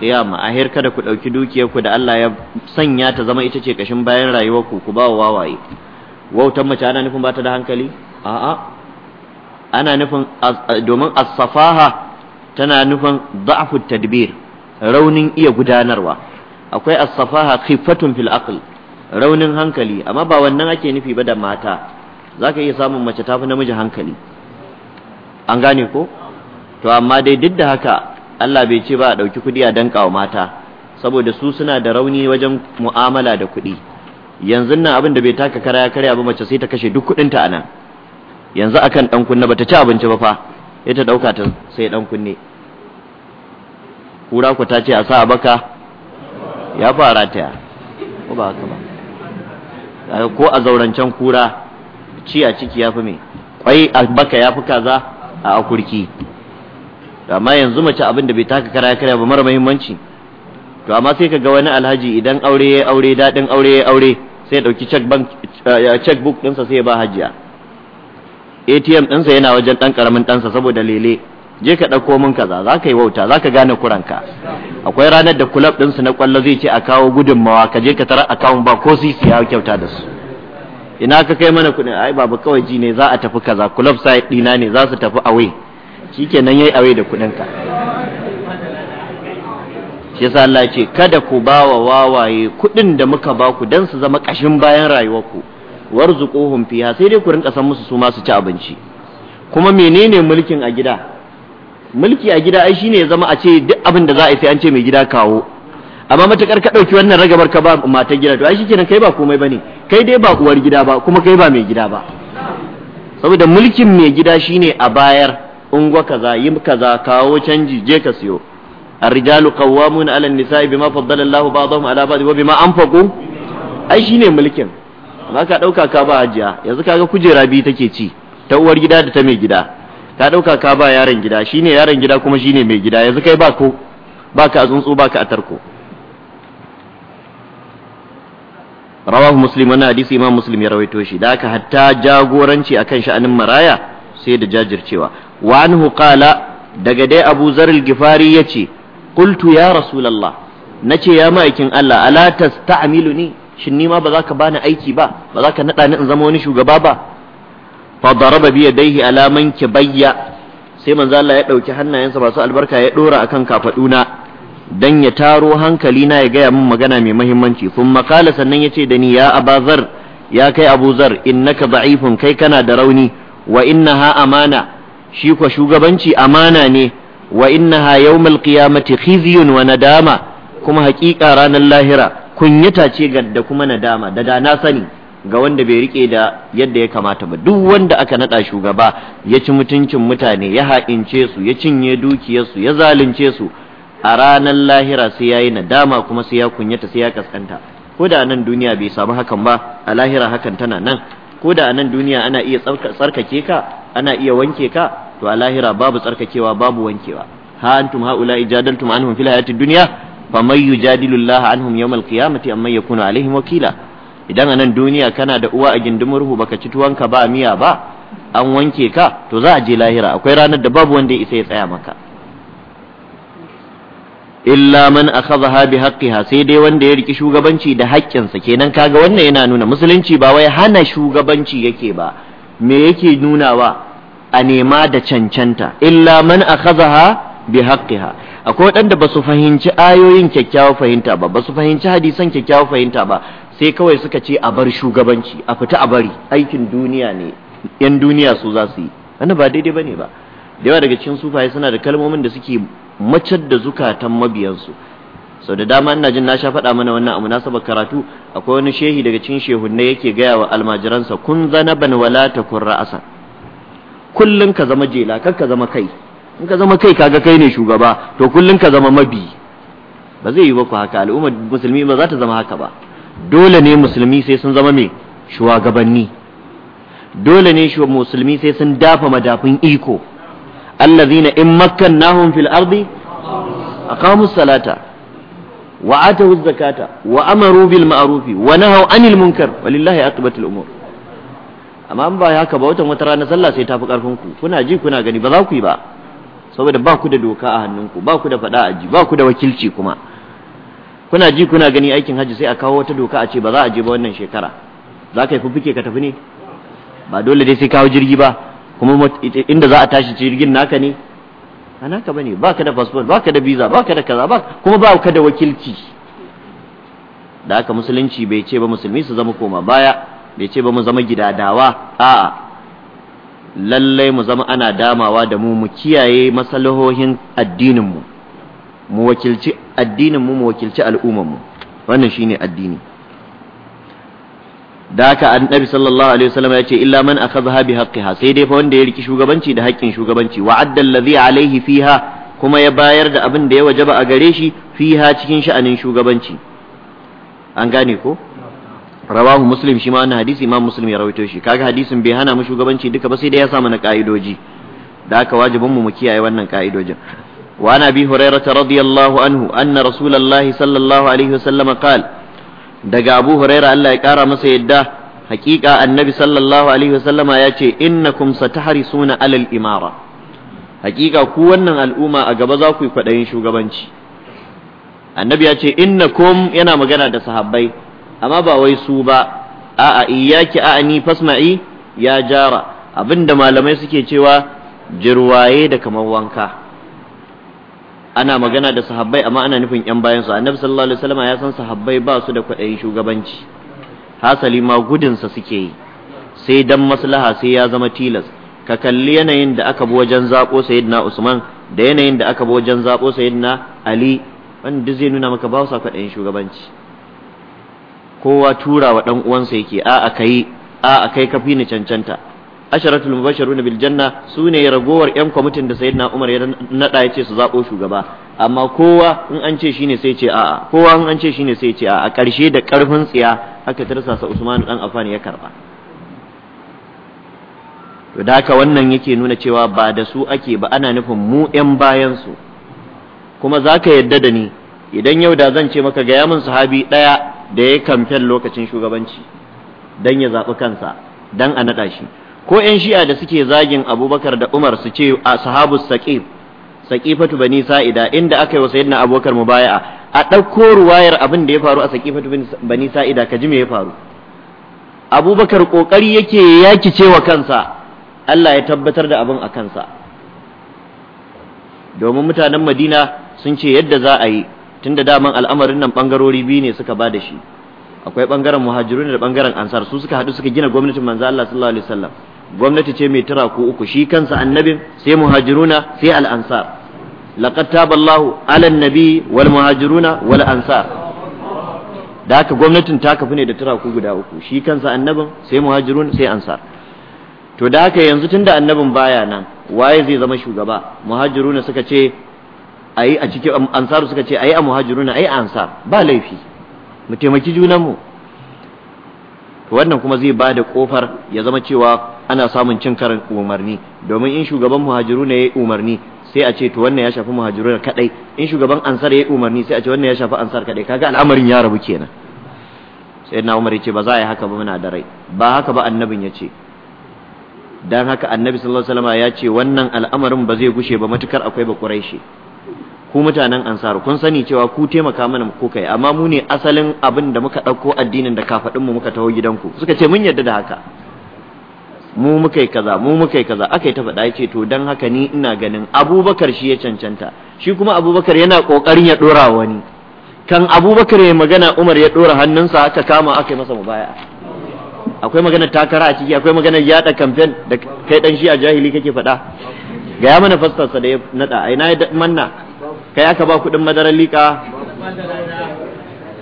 qiyama ahir kada ku dauki dukiyar ku da Allah ya sanya ta zama ita ce kashin bayan rayuwar ku ku ba wawaye wautan mace ana nufin bata da hankali a'a ana nufin domin as-safaha tana nufin da'fu tadbir raunin iya gudanarwa akwai as-safaha khifatun fil aql raunin hankali amma ba wannan ake nufi ba da mata za ka iya samun mace ta fi namiji hankali an gane ko to amma dai duk da haka Allah bai ce ba a ɗauki kuɗi a danka wa mata saboda su suna da rauni wajen mu'amala da kuɗi yanzu nan abin da bai taka kara ya karya ba mace sai ta kashe duk kuɗinta a nan yanzu akan ɗan kunna bata ci abinci ba fa ta ɗauka ta sai ɗan kunne kura ku ce a sa baka ya fara ta Eh, ko a zaurancen kura ci a ciki ya fi mai. kwai a baka ya fi kaza a akurki amma yanzu mace abin da bai taka kara ya karya ba mara muhimmanci to amma sai ka ga wani alhaji idan aure ya aure daɗin aure ya aure sai ya ɗauki check eh, book ɗinsa sai ya ba hajiya atm ɗinsa yana wajen ɗan ƙaramin ɗansa saboda lele je ka ɗauko min kaza za ka yi wauta za ka gane kuranka akwai ranar da kulab ɗinsu na ƙwallo zai ce a kawo gudunmawa ka je ka tara kawo ba ko sisi ya kyauta da su ina ka kai mana kuɗin ai babu kawai ji ne za a tafi kaza kulab sa ɗina ne za su tafi away ya yayi away da kuɗinka shi yasa Allah ce kada ku ba wa wawaye kuɗin da muka ba ku don su zama ƙashin bayan rayuwarku warzuƙohun fiya sai dai ku rinƙa san musu su ma su ci abinci kuma menene mulkin a gida mulki a gida ai shine ya zama a ce duk abin da za a yi sai an ce mai gida kawo amma matukar ka ɗauki wannan ragabar ka ba mata gida to ai shikenan kai ba komai bane kai dai ba uwar gida ba kuma kai ba mai gida ba saboda mulkin mai gida shine a bayar ungwa kaza yi kaza kawo canji je ka siyo الرجال قوامون على النساء بما فضل الله بعضهم على بعض وبما انفقوا ai shine mulkin amma ka dauka ka ba hajiya yanzu kaga kujera biyu take ci ta uwar gida da ta mai gida ka ɗauka ka ba yaron gida shi ne yaron gida kuma shi ne mai gida yanzu kai ba ko ba ka a tsuntsu ba ka a tarko rawahu muslim wannan hadisi imam muslim ya rawaito shi da aka hatta jagoranci akan sha'anin maraya sai da jajircewa wa anhu qala daga dai abu zaril gifari ce qultu ya rasulullah nace ya ma'aikin Allah ala ta shin ni ma ba za ka bani aiki ba ba za ka nada ni in zama wani shugaba ba fa daraba bi yadayhi ala bayya sai manzo Allah ya dauki hannayensa masu albarka ya dora akan kafaduna dan ya taro hankali na ya gaya min magana mai muhimmanci kun makala sannan yace da ni ya abazar ya kai abuzar innaka da'ifun kai kana da rauni wa innaha amana shi ko shugabanci amana ne wa innaha yawmal qiyamati khizyun wa nadama kuma hakika ranar lahira kunyata ce ga da kuma nadama da da na sani ga wanda bai rike da yadda ya kamata ba duk wanda aka nada shugaba ya ci mutuncin mutane ya haƙince su ya cinye dukiyarsu ya zalunce su a ranar lahira sai yayi nadama kuma sai ya kunyata sai ya kaskanta ko da nan duniya bai samu hakan ba a lahira hakan tana nan ko da nan duniya ana iya tsarkake ka ana iya wanke ka to a lahira babu tsarkakewa babu wankewa ha antum haula ijadaltum anhum fil hayatid dunya faman yujadilu Allah anhum yawmal qiyamati amman yakunu alaihim wakila idan anan duniya kana da uwa a gindin murhu baka ci tuwanka ba miya ba an wanke ka to za a je lahira akwai ranar da babu wanda ya isa ya tsaya maka illa man akhadha bi haqqiha sai dai wanda ya riki shugabanci da haƙƙinsa kenan kaga wannan yana nuna musulunci ba wai hana shugabanci yake ba me yake nunawa a nema da cancanta illa man akhadha bi haqqiha akwai waɗanda basu fahimci ayoyin kyakkyawa fahimta ba basu fahimci hadisan kyakkyawa fahimta ba sai kawai suka ce a bar shugabanci a fita a bari aikin duniya ne yan duniya su za su yi wannan ba daidai bane ba da yawa daga cikin sufaye suna da kalmomin da suke macar da zukatan mabiyansu sau da dama ina jin na sha faɗa mana wannan a saba karatu akwai wani shehi daga cikin shehunne yake gaya wa almajiransa kun zanaban wala takun ra'asa Kullum ka zama jela kar ka zama kai in ka zama kai kaga kai ne shugaba to kullun ka zama mabi ba zai yi ba ku haka al'ummar musulmi ba za ta zama haka ba dole ne musulmi sai sun zama me shugabanni dole ne musulmi sai sun dafa madafin iko allazina in makkannahum fil ardi aqamu salata wa atu zakata wa amaru bil ma'rufi wa nahaw anil munkar walillahi aqibatul umur amma ba haka ba watan wata rana sallah sai tafi karfin ku kuna ji kuna gani ba za ku yi ba saboda ba ku da doka a hannunku ba ku da faɗa a ji ba ku da wakilci kuma kuna ji kuna gani aikin hajji sai a kawo wata doka a ce ba za a je ba wannan shekara za ka yi fuffuke ka tafi ne ba dole dai sai kawo jirgi ba kuma inda za a tashi jirgin naka ne a naka ba ne ba ka da passport ba ka da visa ba ka da kaza ba kuma ba ka da wakilci da aka musulunci bai ce ba musulmi su zama koma baya bai ce ba mu zama gidadawa a'a lallai mu zama ana damawa da mu mu kiyaye masalahohin addininmu mu wakilci addininmu mu wakilci al'ummarmu wannan shine addini da haka annabi sallallahu alaihi wasallam ya ce illa man akhadha bi haqqiha sai dai fa wanda ya riki shugabanci da haƙƙin shugabanci wa adda allazi alaihi fiha kuma ya bayar da abin da ya wajaba a gare shi fiha cikin sha'anin shugabanci an gane ko rawahu muslim shi ma wannan hadisi imam muslim ya rawaito shi kaga hadisin bai hana mu shugabanci duka ba sai dai ya sa mana ka'idoji da haka wajibin mu mu kiyaye wannan ka'idojin wa ana bi ta radiyallahu anhu anna rasulullahi sallallahu alaihi wasallam qal daga abu hurairah Allah ya kara masa yadda hakika annabi sallallahu alaihi sallama ya ce innakum satahrisuna alal imara hakika ku wannan al'umma a gaba za ku yi kwaɗayin shugabanci annabi ya ce innakum yana magana da sahabbai amma ba wai su ba a'a iyyaki a'ani fasma'i ya jara abinda malamai suke cewa jirwaye da kamar wanka ana magana da sahabbai amma ana nufin yan bayan su annabi sallallahu alaihi wasallam ya san sahabbai ba su da kwaɗayin shugabanci hasali ma gudunsa suke yi sai dan maslaha sai ya zama tilas ka kalli yanayin da aka bi wajen zako sayyidina usman da yanayin da aka bi wajen zako sayyidina ali wanda zai nuna maka ba su kwaɗayin shugabanci kowa tura wa dan uwansa yake a a kai a a kai kafi ni cancanta asharatul mubashiruna bil janna sune ragowar yan kwamitin da sayyidina Umar ya nada yace su zabo shugaba amma kowa in an ce shine sai ce a kowa in an ce shine sai ce a'a karshe da karfin tsiya haka sa Usman dan afani ya karba to da haka wannan yake nuna cewa ba da su ake ba ana nufin mu yan bayan su kuma zaka yadda da ni idan yau da zan ce maka ga yamin sahabi daya da ya kamfen lokacin shugabanci don ya zaɓi kansa don a naɗa shi ko 'yan shi'a da suke zagin abubakar da umar su ce a sahabu saƙif saƙifatu bani sa'ida inda aka yi wa sayyidina abubakar baya a ɗauko ruwayar abin da ya faru a saƙifatu bani sa'ida ka ji ya faru abubakar ƙoƙari yake yaki cewa kansa Allah ya tabbatar da abin a kansa domin mutanen madina sun ce yadda za a yi tunda daman al'amarin nan bangarori biyu ne suka ba da shi akwai bangaren muhajirun da bangaren ansar su suka haɗu suka gina gwamnatin manzo Allah sallallahu alaihi wasallam gwamnati ce mai tura ko uku shi kansa annabin sai muhajiruna sai al-ansar laqad taballahu ala nabi wal muhajiruna wal ansar da haka gwamnatin ta kafi ne da tura ko guda uku shi kansa annabin sai muhajirun sai ansar to da haka yanzu tunda annabin baya nan waye zai zama shugaba muhajiruna suka ce ayi a cikin ansaru suka ce ayi a muhajiruna ayi a ansar ba laifi mu taimaki junanmu wannan kuma zai ba da kofar ya zama cewa ana samun cin karin umarni domin in shugaban muhajiru yayi ya umarni sai a ce to wannan ya shafi muhajiru kadai in shugaban ansar ya umarni sai a ce wannan ya shafi ansar kadai kaga al'amarin ya rabu kenan sai na umar yace ba za a yi haka ba muna da rai ba haka ba annabin ya ce dan haka annabi sallallahu alaihi wasallam ya ce wannan al'amarin ba zai gushe ba matukar akwai ba quraishi ku mutanen ansar kun sani cewa ku taimaka mana ku kai amma mu ne asalin abin da muka ɗauko addinin da kafaɗin mu muka taho gidanku suka ce mun yarda da haka mu muka yi kaza mu muka yi kaza aka yi ta faɗa yace to dan haka ni ina ganin abubakar shi ya cancanta shi kuma abubakar yana ƙoƙarin ya ɗora wani kan abubakar ya magana umar ya ɗora hannunsa aka kama aka yi masa mubaya akwai magana takara a ciki akwai magana yaɗa kamfen da kai ɗan shi a jahili kake faɗa ga ya mana fassarsa da ya nada a ina ya manna kai aka ba kuɗin madarar liƙa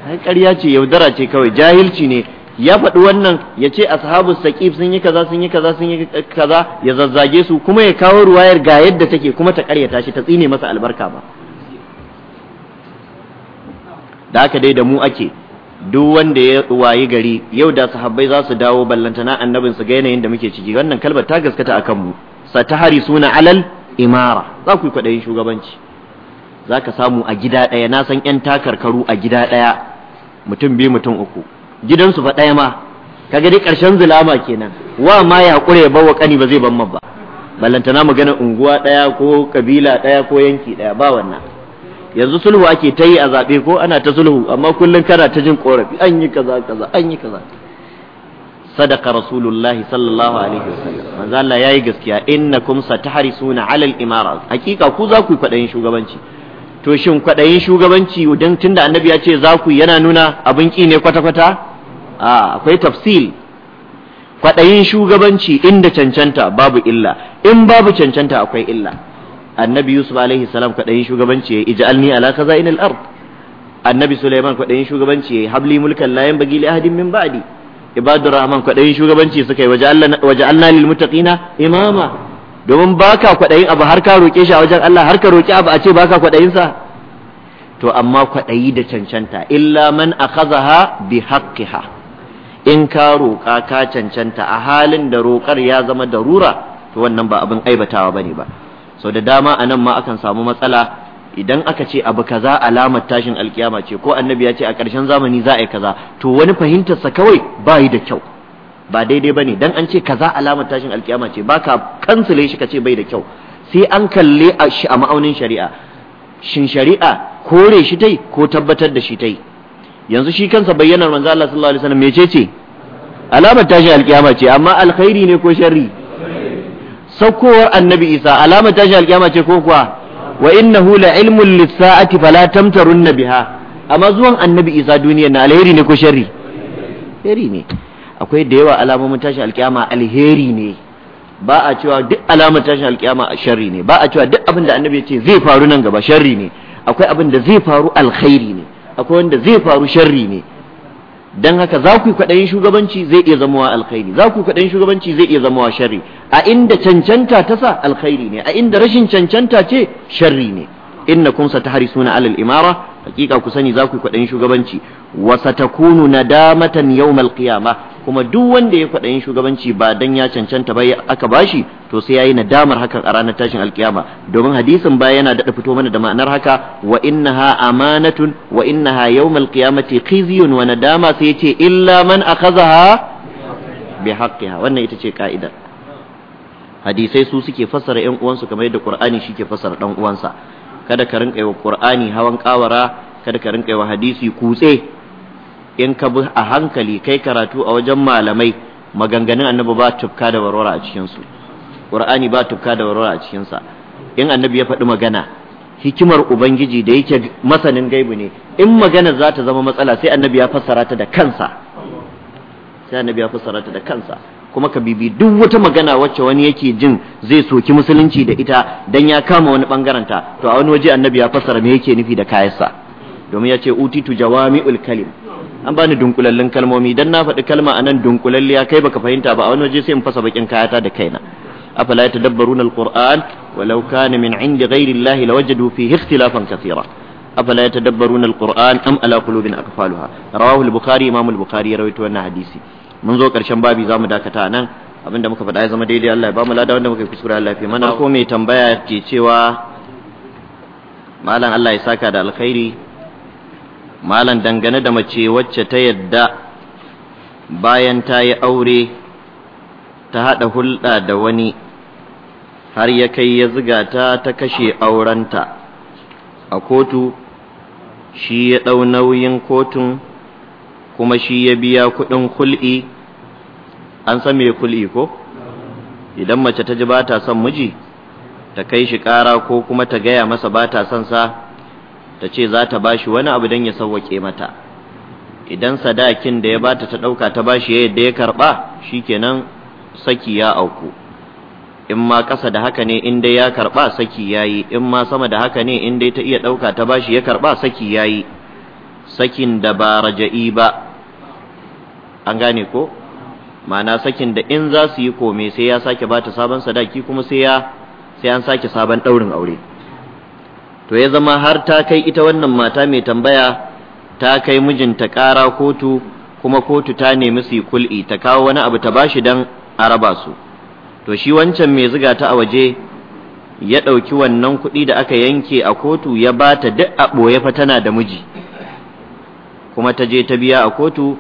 ai ƙarya ce yaudara ce kawai jahilci ne ya faɗi wannan ya ce ashabu saqif sun yi kaza sun yi kaza sun yi kaza ya zazzage su kuma ya kawo ruwayar ga yadda take kuma ta ƙaryata shi ta tsine masa albarka ba da haka dai da mu ake duk wanda ya wayi gari yau da sahabbai za su dawo ballantana annabin su ga yanayin da muke ciki wannan kalbar ta gaskata akan mu suna alal imara za ku yi kwaɗayin shugabanci za ka samu a gida ɗaya na san 'yan takarkaru a gida ɗaya mutum biyu mutum uku gidansu fa ɗaya ma Ka gani ƙarshen zulama kenan wa ma ya ƙure ba wa ƙani ba zai ban ba ballantana magana unguwa ɗaya ko ƙabila ɗaya ko yanki ɗaya ba wannan yanzu sulhu ake ta yi a zaɓe ko ana ta sulhu amma kullum kana ta jin ƙorafi an yi kaza kaza an yi kaza sadaka rasulullahi sallallahu alaihi wasallam manzo Allah yayi gaskiya innakum satahrisuna alal imara hakika ku za ku yi kwadayin shugabanci to shin kwadayin shugabanci dan tunda annabi ya ce za ku yana nuna abin ki ne kwata kwata a akwai tafsil kwadayin shugabanci inda cancanta babu illa in babu cancanta akwai illa annabi yusuf alaihi salam kwadayin shugabanci ya ij'alni ala khazainil ard annabi sulaiman kwadayin shugabanci ya habli mulkan la yanbaghi li ahadin ibadur rahman kwaɗayin shugabanci suka yi waje Allah lil muttaqina imama domin baka kwaɗayin abu har ka roƙe shi a wajen Allah har ka roƙi abu a ce baka kwaɗayin sa to amma kwaɗayi da cancanta illa man akhadha bi haqqiha in ka roƙa ka cancanta a halin da roƙar ya zama darura to wannan ba abin aibatawa bane ba Sau da dama anan ma akan samu matsala idan aka ce abu kaza alamar tashin alkiyama ce ko annabi ya ce a ƙarshen zamani za a yi kaza to wani fahimtarsa kawai ba yi da kyau ba daidai ba ne don an ce kaza alamar tashin alkiyama ce ba ka kansule shi ka ce bai da kyau sai an kalle a shi a ma'aunin shari'a shin shari'a kore shi tai ko tabbatar da shi tai yanzu shi kansa bayyanar manzo Allah sallallahu alaihi wasallam ce alamar tashin alkiyama ce amma alkhairi ne ko sharri saukowar annabi isa alamar tashin alkiyama ce ko kuwa wa innahu la ilmun lis fala tamtarunna biha amma zuwan annabi Isa duniya na alheri ne ko sharri alheri ne akwai da yawa alamomin tashin alkiyama alheri ne ba a cewa duk alamar tashin alkiyama sharri ne ba a cewa duk abin da annabi ya ce zai faru nan gaba sharri ne akwai abin da zai faru alkhairi ne akwai wanda zai faru sharri ne dan haka za ku kwaɗayin shugabanci zai iya zamowa alkhairi za ku kwaɗayin shugabanci zai iya zamowa sharri a inda cancanta ta sa alkhairi ne a inda rashin cancanta ce sharri ne innakum satahrisuna alal imara hakika ku sani za ku yi kwaɗayin shugabanci wa satakunu nadamatan yawmal qiyama kuma duk wanda ya kwaɗayin shugabanci ba dan ya cancanta ba aka bashi to sai yayi nadamar hakan a ranar tashin alkiyama domin hadisin baya yana daɗa fito mana da ma'anar haka wa innaha amanatun wa innaha yawmal qiyamati khizyun wa nadama sai yace illa man akhazaha bi haqqiha wannan ita ce ka'idar hadisai su suke fassara ƴan uwansu kamar yadda Qur'ani shi ke fassara ɗan uwansa kada ka rinka yi wa ƙur'ani hawan ƙawara, kada ka rinka yi wa hadisi kutse in ka bi a hankali kai karatu a wajen malamai maganganun annabi ba tufka da warwara a cikin su ƙur'ani ba tufka da warwara a cikin sa in annabi ya faɗi magana hikimar ubangiji da yake masanin gaibu ne in magana za ta zama matsala sai annabi ya fassara ta da kansa sai annabi ya fassara ta da kansa kuma ka bibi duk wata magana wacce wani yake jin zai soki musulunci da ita dan ya kama wani bangaren ta to a wani waje annabi ya fassara me yake nufi da kayansa domin ya ce utitu jawami'ul kalim an bani dunkulallin kalmomi dan na faɗi kalma anan dunkulalliya kai baka fahimta ba a wani waje sai in fasa bakin kayata da kaina afala yatadabbaruna alquran walau kana min indi ghairi allahi lawajadu fihi ikhtilafan kathira afala yatadabbaruna alquran am ala lubin akfaluha rawahu al-bukhari imam al wannan hadisi mun zo karshen babi zamu dakata nan abinda muka faɗa ya zama daidai Allah ya ba mu lada wanda muka kuskure Allah ya fi mana ko mai tambaya ke cewa malam Allah ya saka da alkhairi malam dangane da mace wacce ta yadda bayan ta yi aure ta haɗa hulɗa da wani har ya kai ya ziga ta ta kashe aurenta a kotu shi ya ɗau nauyin kotun kuma shi ya biya kuɗin kul'i an san me kul'i ko idan mace ta ji ba ta son miji ta kai shi ƙara ko kuma ta gaya masa ba ta son sa ta ce za ta bashi wani abu don ya sauwaƙe mata idan sadakin da ya bata ta ɗauka ta bashi ya yadda ya karɓa shi kenan saki ya auku in ma ƙasa da haka ne in dai ya karɓa saki ya yi, in ma sama da haka ne in dai ta iya ɗauka ta bashi ya karɓa saki ya yi. sakin da ba raja'i ba an gane ko ma'ana sakin da in za su yi kome sai ya sake bata sabon sadaki kuma sai ya sai an sake sabon ɗaurin aure to ya zama har ta kai ita wannan mata mai tambaya ta kai mijinta ƙara kotu kuma kotu ta nemi su yi kul'i ta kawo wani abu ta bashi dan a raba su to shi wancan mai ziga ta a waje ya ɗauki wannan kuɗi da aka yanke a kotu ya ba ta duk a ɓoye fa tana da miji kuma ta je ta biya a kotu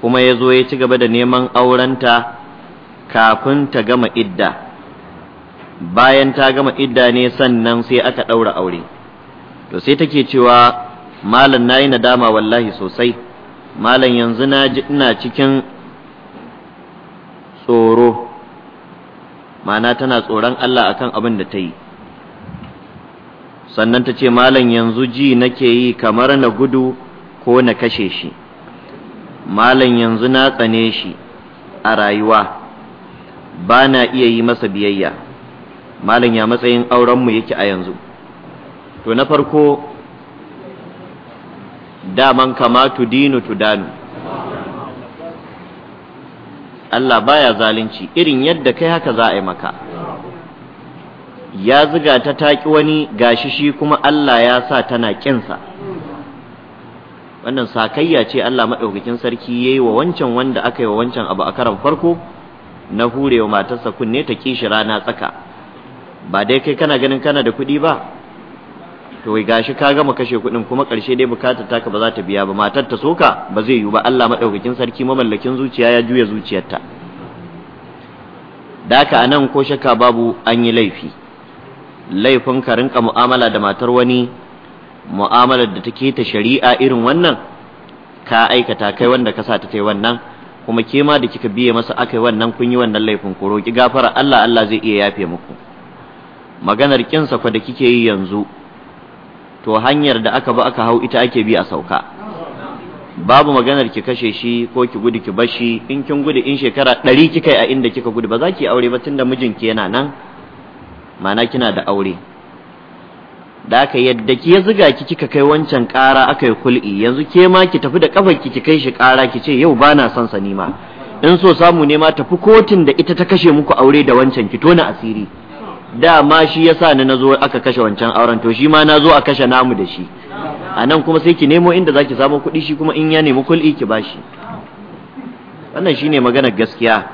kuma ya zo ya ci gaba da neman aurenta kafin ta gama idda bayan ta gama idda ne sannan sai aka ɗaura aure to sai take cewa malam na yi nadama wallahi sosai malam yanzu na ji ina cikin ma'ana tana tsoron Allah akan abin da ta yi sannan ta ce malam yanzu ji nake yi kamar na gudu ko na kashe shi malam yanzu na tsane shi a rayuwa ba na iya yi masa biyayya malam ya matsayin aurenmu yake a yanzu to na farko daman kama tudinu tudanu Allah baya zalunci irin yadda kai haka za a yi maka ya zuga ta taƙi wani gashi shi kuma Allah ya sa tana ƙinsa wannan sakayya ce Allah maɗaukakin sarki ya yi wa wancan wanda aka yi wa wancan abu a karan farko na hurewa matarsa kunne ta kishi rana tsaka ba dai kai kana ganin kana da kuɗi ba to wai gashi ka gama kashe kuɗin kuma ƙarshe dai bukatar taka ba za ta biya ba matar ta soka ba zai yiwu ba Allah Maɗaukakin sarki mamallakin zuciya ya juya zuciyarta da haka anan ko shakka babu an yi laifi laifin ka rinka mu'amala da matar wani mu'amalar da take ta shari'a irin wannan ka aikata kai wanda ka sa ta tai wannan kuma ke ma da kika biye masa aka yi wannan kun yi wannan laifin koroki roki gafara Allah Allah zai iya yafe muku maganar kinsa fa da kike yi yanzu to hanyar da aka ba aka hau ita ake bi a sauka babu maganar ki kashe shi ko ki gudu ki bashi in kin gudu in shekara ɗari kika yi a inda kika gudu ba za ki aure ba tunda mijinki yana nan mana kina da aure da aka yadda ki ya ziga ki kika kai wancan ƙara aka yi kul'i yanzu ke ma ki tafi da kafar ki ki kai shi ƙara ki ce yau bana son sa nima in so samu ne ma tafi kotun da ita ta kashe muku aure da wancan ki tona asiri dama shi yasa ni zo aka kashe wancan auren to shi ma nazo a kashe namu da shi a nan kuma sai ki nemo inda zaki samu kuɗi shi kuma in ya nemi kulli ki bashi wannan shine maganar gaskiya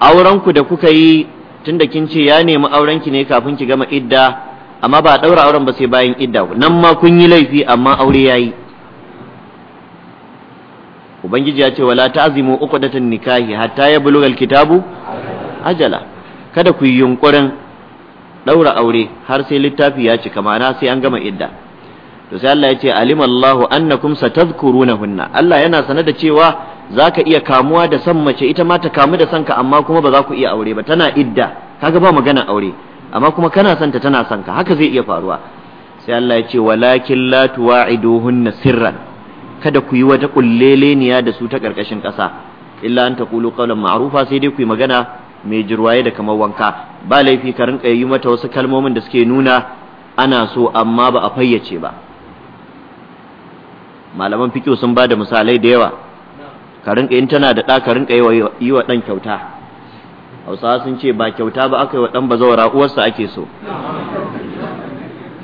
auren ku da kuka yi tunda kin ce ya nemi auren ki ne kafin ki gama idda amma ba a daura auren ba sai bayan idda nan ma kun yi laifi amma aure yayi ubangiji ya ce wala ta'zimu uqdatan nikahi hatta yablugha kitabu? ajala kada ku yi yunkurin ɗaura aure har sai littafi ya cika ma'ana sai an gama idda to sai Allah ya ce alimallahu annakum satadhkurunahunna Allah yana sanar da cewa zaka iya kamuwa da san mace ita ma ta kamu da sanka amma kuma ba za ku iya aure ba tana idda kaga ba magana aure amma kuma kana ta tana sanka haka zai iya faruwa sai Allah ya ce walakin la tuwa'iduhunna sirran kada ku yi wata kulleleniya da su ta karkashin ƙasa illa an taqulu qawlan ma'rufa sai dai ku yi magana mai jirwaye da kamar wanka ba laifi ka rinka yi mata wasu kalmomin da suke nuna ana so amma ba a fayyace ba malaman Fiƙo sun ba da misalai da yawa ka rinka in tana da ɗa ka rinka yi wa ɗan kyauta hausawa sun ce ba kyauta ba aka yi wa ɗan bazawara uwarsa ake so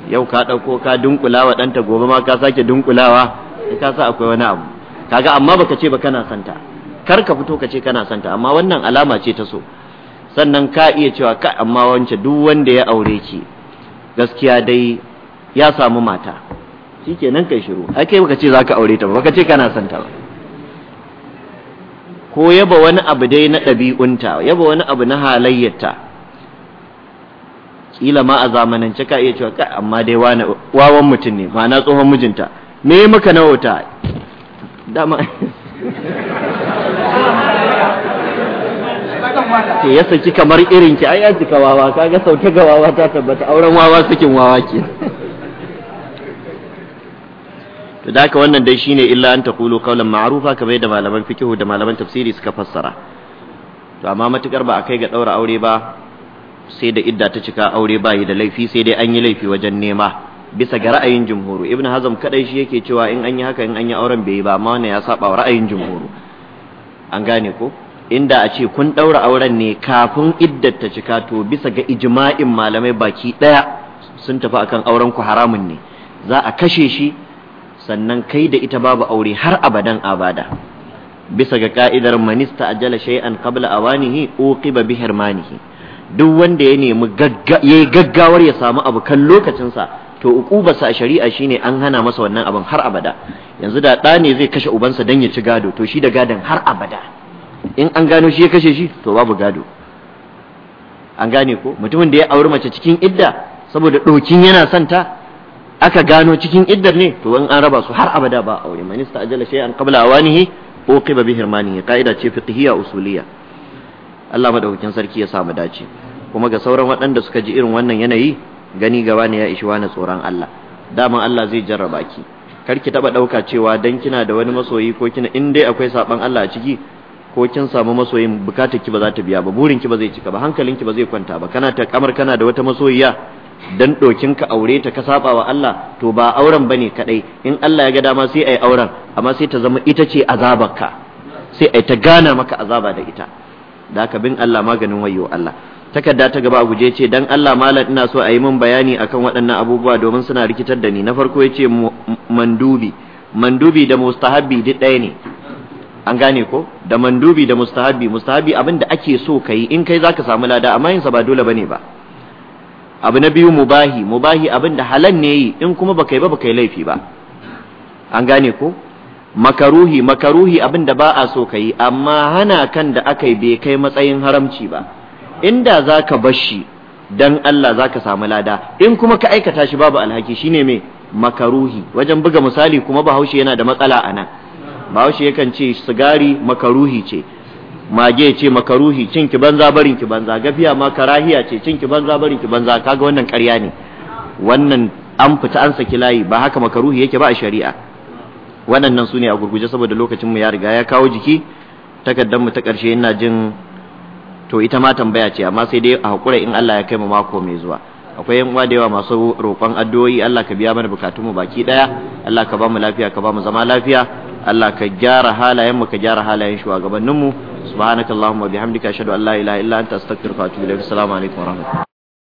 yau ka ɗauko ka dunkula wa ɗanta gobe ma ka sake dunkulawa ka sa akwai wani abu kaga amma baka ce ba kana santa kar ka fito ka ce kana santa amma wannan alama ce ta so sannan ka iya cewa ka amma wance duk wanda ya aure ki gaskiya dai ya samu mata shikenan kai shiru ai kai baka ce zaka aure ta ba baka ce kana son ta ba ko yaba wani abu dai na ɗabi'unta yaba wani abu na halayyarta kila ma a zamanance ka iya cewa ka amma dai wani wawan mutum ne ma'ana tsohon mijinta me maka na wuta dama ke ya saki kamar irin ki ai ajika wawa kaga sauke ga wawa ta tabbata auren wawa sakin wawa ke to da wannan dai shine illa an taqulu qawlan ma'rufa kamar da malaman fiqhu da malaman tafsiri suka fassara to amma matukar ba a kai ga daura aure ba sai da idda ta cika aure ba yi da laifi sai dai an yi laifi wajen nema bisa ga ra'ayin jumhuru ibnu hazam kadai shi yake cewa in an yi haka in an yi auren bai yi ba amma wannan ya saba wa ra'ayin jumhuru an gane ko inda a ce kun ɗaura auren ne kafin iddar ta cika to bisa ga ijma'in malamai baki ɗaya sun tafi akan auren ku haramun ne za a kashe shi sannan kai da ita babu aure har abadan abada bisa ga ka'idar manista ajala shay'an qabla awanihi uqiba bi hirmanihi duk wanda ya nemi gaggawar ya samu abu kan lokacinsa to ukubarsa a shari'a shine an hana masa wannan abin har abada yanzu da ɗa ne zai kashe ubansa don ya ci gado to shi da gadon har abada in an gano shi ya kashe shi to babu gado an gane ko mutumin da ya auri mace cikin idda saboda ɗokin yana santa aka gano cikin iddar ne to in an raba su har abada ba aure man shay an qabla awanihi uqiba bi hirmanihi qaida ce fiqhiyya usuliyya Allah madaukakin sarki ya samu dace kuma ga sauran waɗanda suka ji irin wannan yanayi gani gaba ne ya ishi wani tsoron Allah dama Allah zai jarraba ki kar ki taba ɗauka cewa dan kina da wani masoyi ko kina in dai akwai saban Allah a ciki ko kin samu masoyin bukatar ki ba za ta biya ba burin ki ba zai cika ba hankalin ki ba zai kwanta ba kana ta kamar kana da wata masoyiya dan dokin ka aure ta ka saba wa Allah to ba auren bane kadai in Allah ya ga dama sai ai auren amma sai ta zama ita ce azabarka sai ai ta gana maka azaba da ita da ka bin Allah maganin wayo Allah takarda ta gaba a guje ce dan Allah malam ina so a yi min bayani akan waɗannan abubuwa domin suna rikitar da ni na farko ya ce mandubi mandubi da mustahabbi duk ɗaya ne an gane ko da mandubi da mustahabi mustahabi abin da ake so ka yi in kai za ka samu lada amma yinsa ba dole ba ne ba abu na biyu mubahi mubahi abin da halal ne yi in kuma baka yi ba baka yi laifi ba an gane ko makaruhi makaruhi abin da ba a so ka yi amma hana kan da aka yi bai kai matsayin haramci ba inda za ka bar shi dan Allah za ka samu lada in kuma ka aikata shi babu alhaki shine me makaruhi wajen buga misali kuma bahaushe yana da matsala a nan ba bahaushe yakan ce sigari makaruhi ce mage ce makaruhi cin ki banza barin ki banza gafiya ma karahiya ce cin ki banza barin ki banza kaga wannan ƙarya ne wannan an fita an saki layi ba haka makaruhi yake ba a shari'a waɗannan su ne a gurguje saboda lokacin mu ya riga ya kawo jiki takardar mu ta ƙarshe ina jin to ita ma tambaya ce amma sai dai a hakura in Allah ya kai mu mako mai zuwa akwai yan uwa da yawa masu roƙon addu'o'i Allah ka biya mana bukatun mu baki daya Allah ka ba mu lafiya ka ba mu zama lafiya Allah ka gyara halayen mu ka gyara halayen shugabannin mu subhanakallahumma bihamdika ashhadu an la ilaha illa anta astaghfiruka wa atubu ilaik assalamu alaikum wa rahmatullahi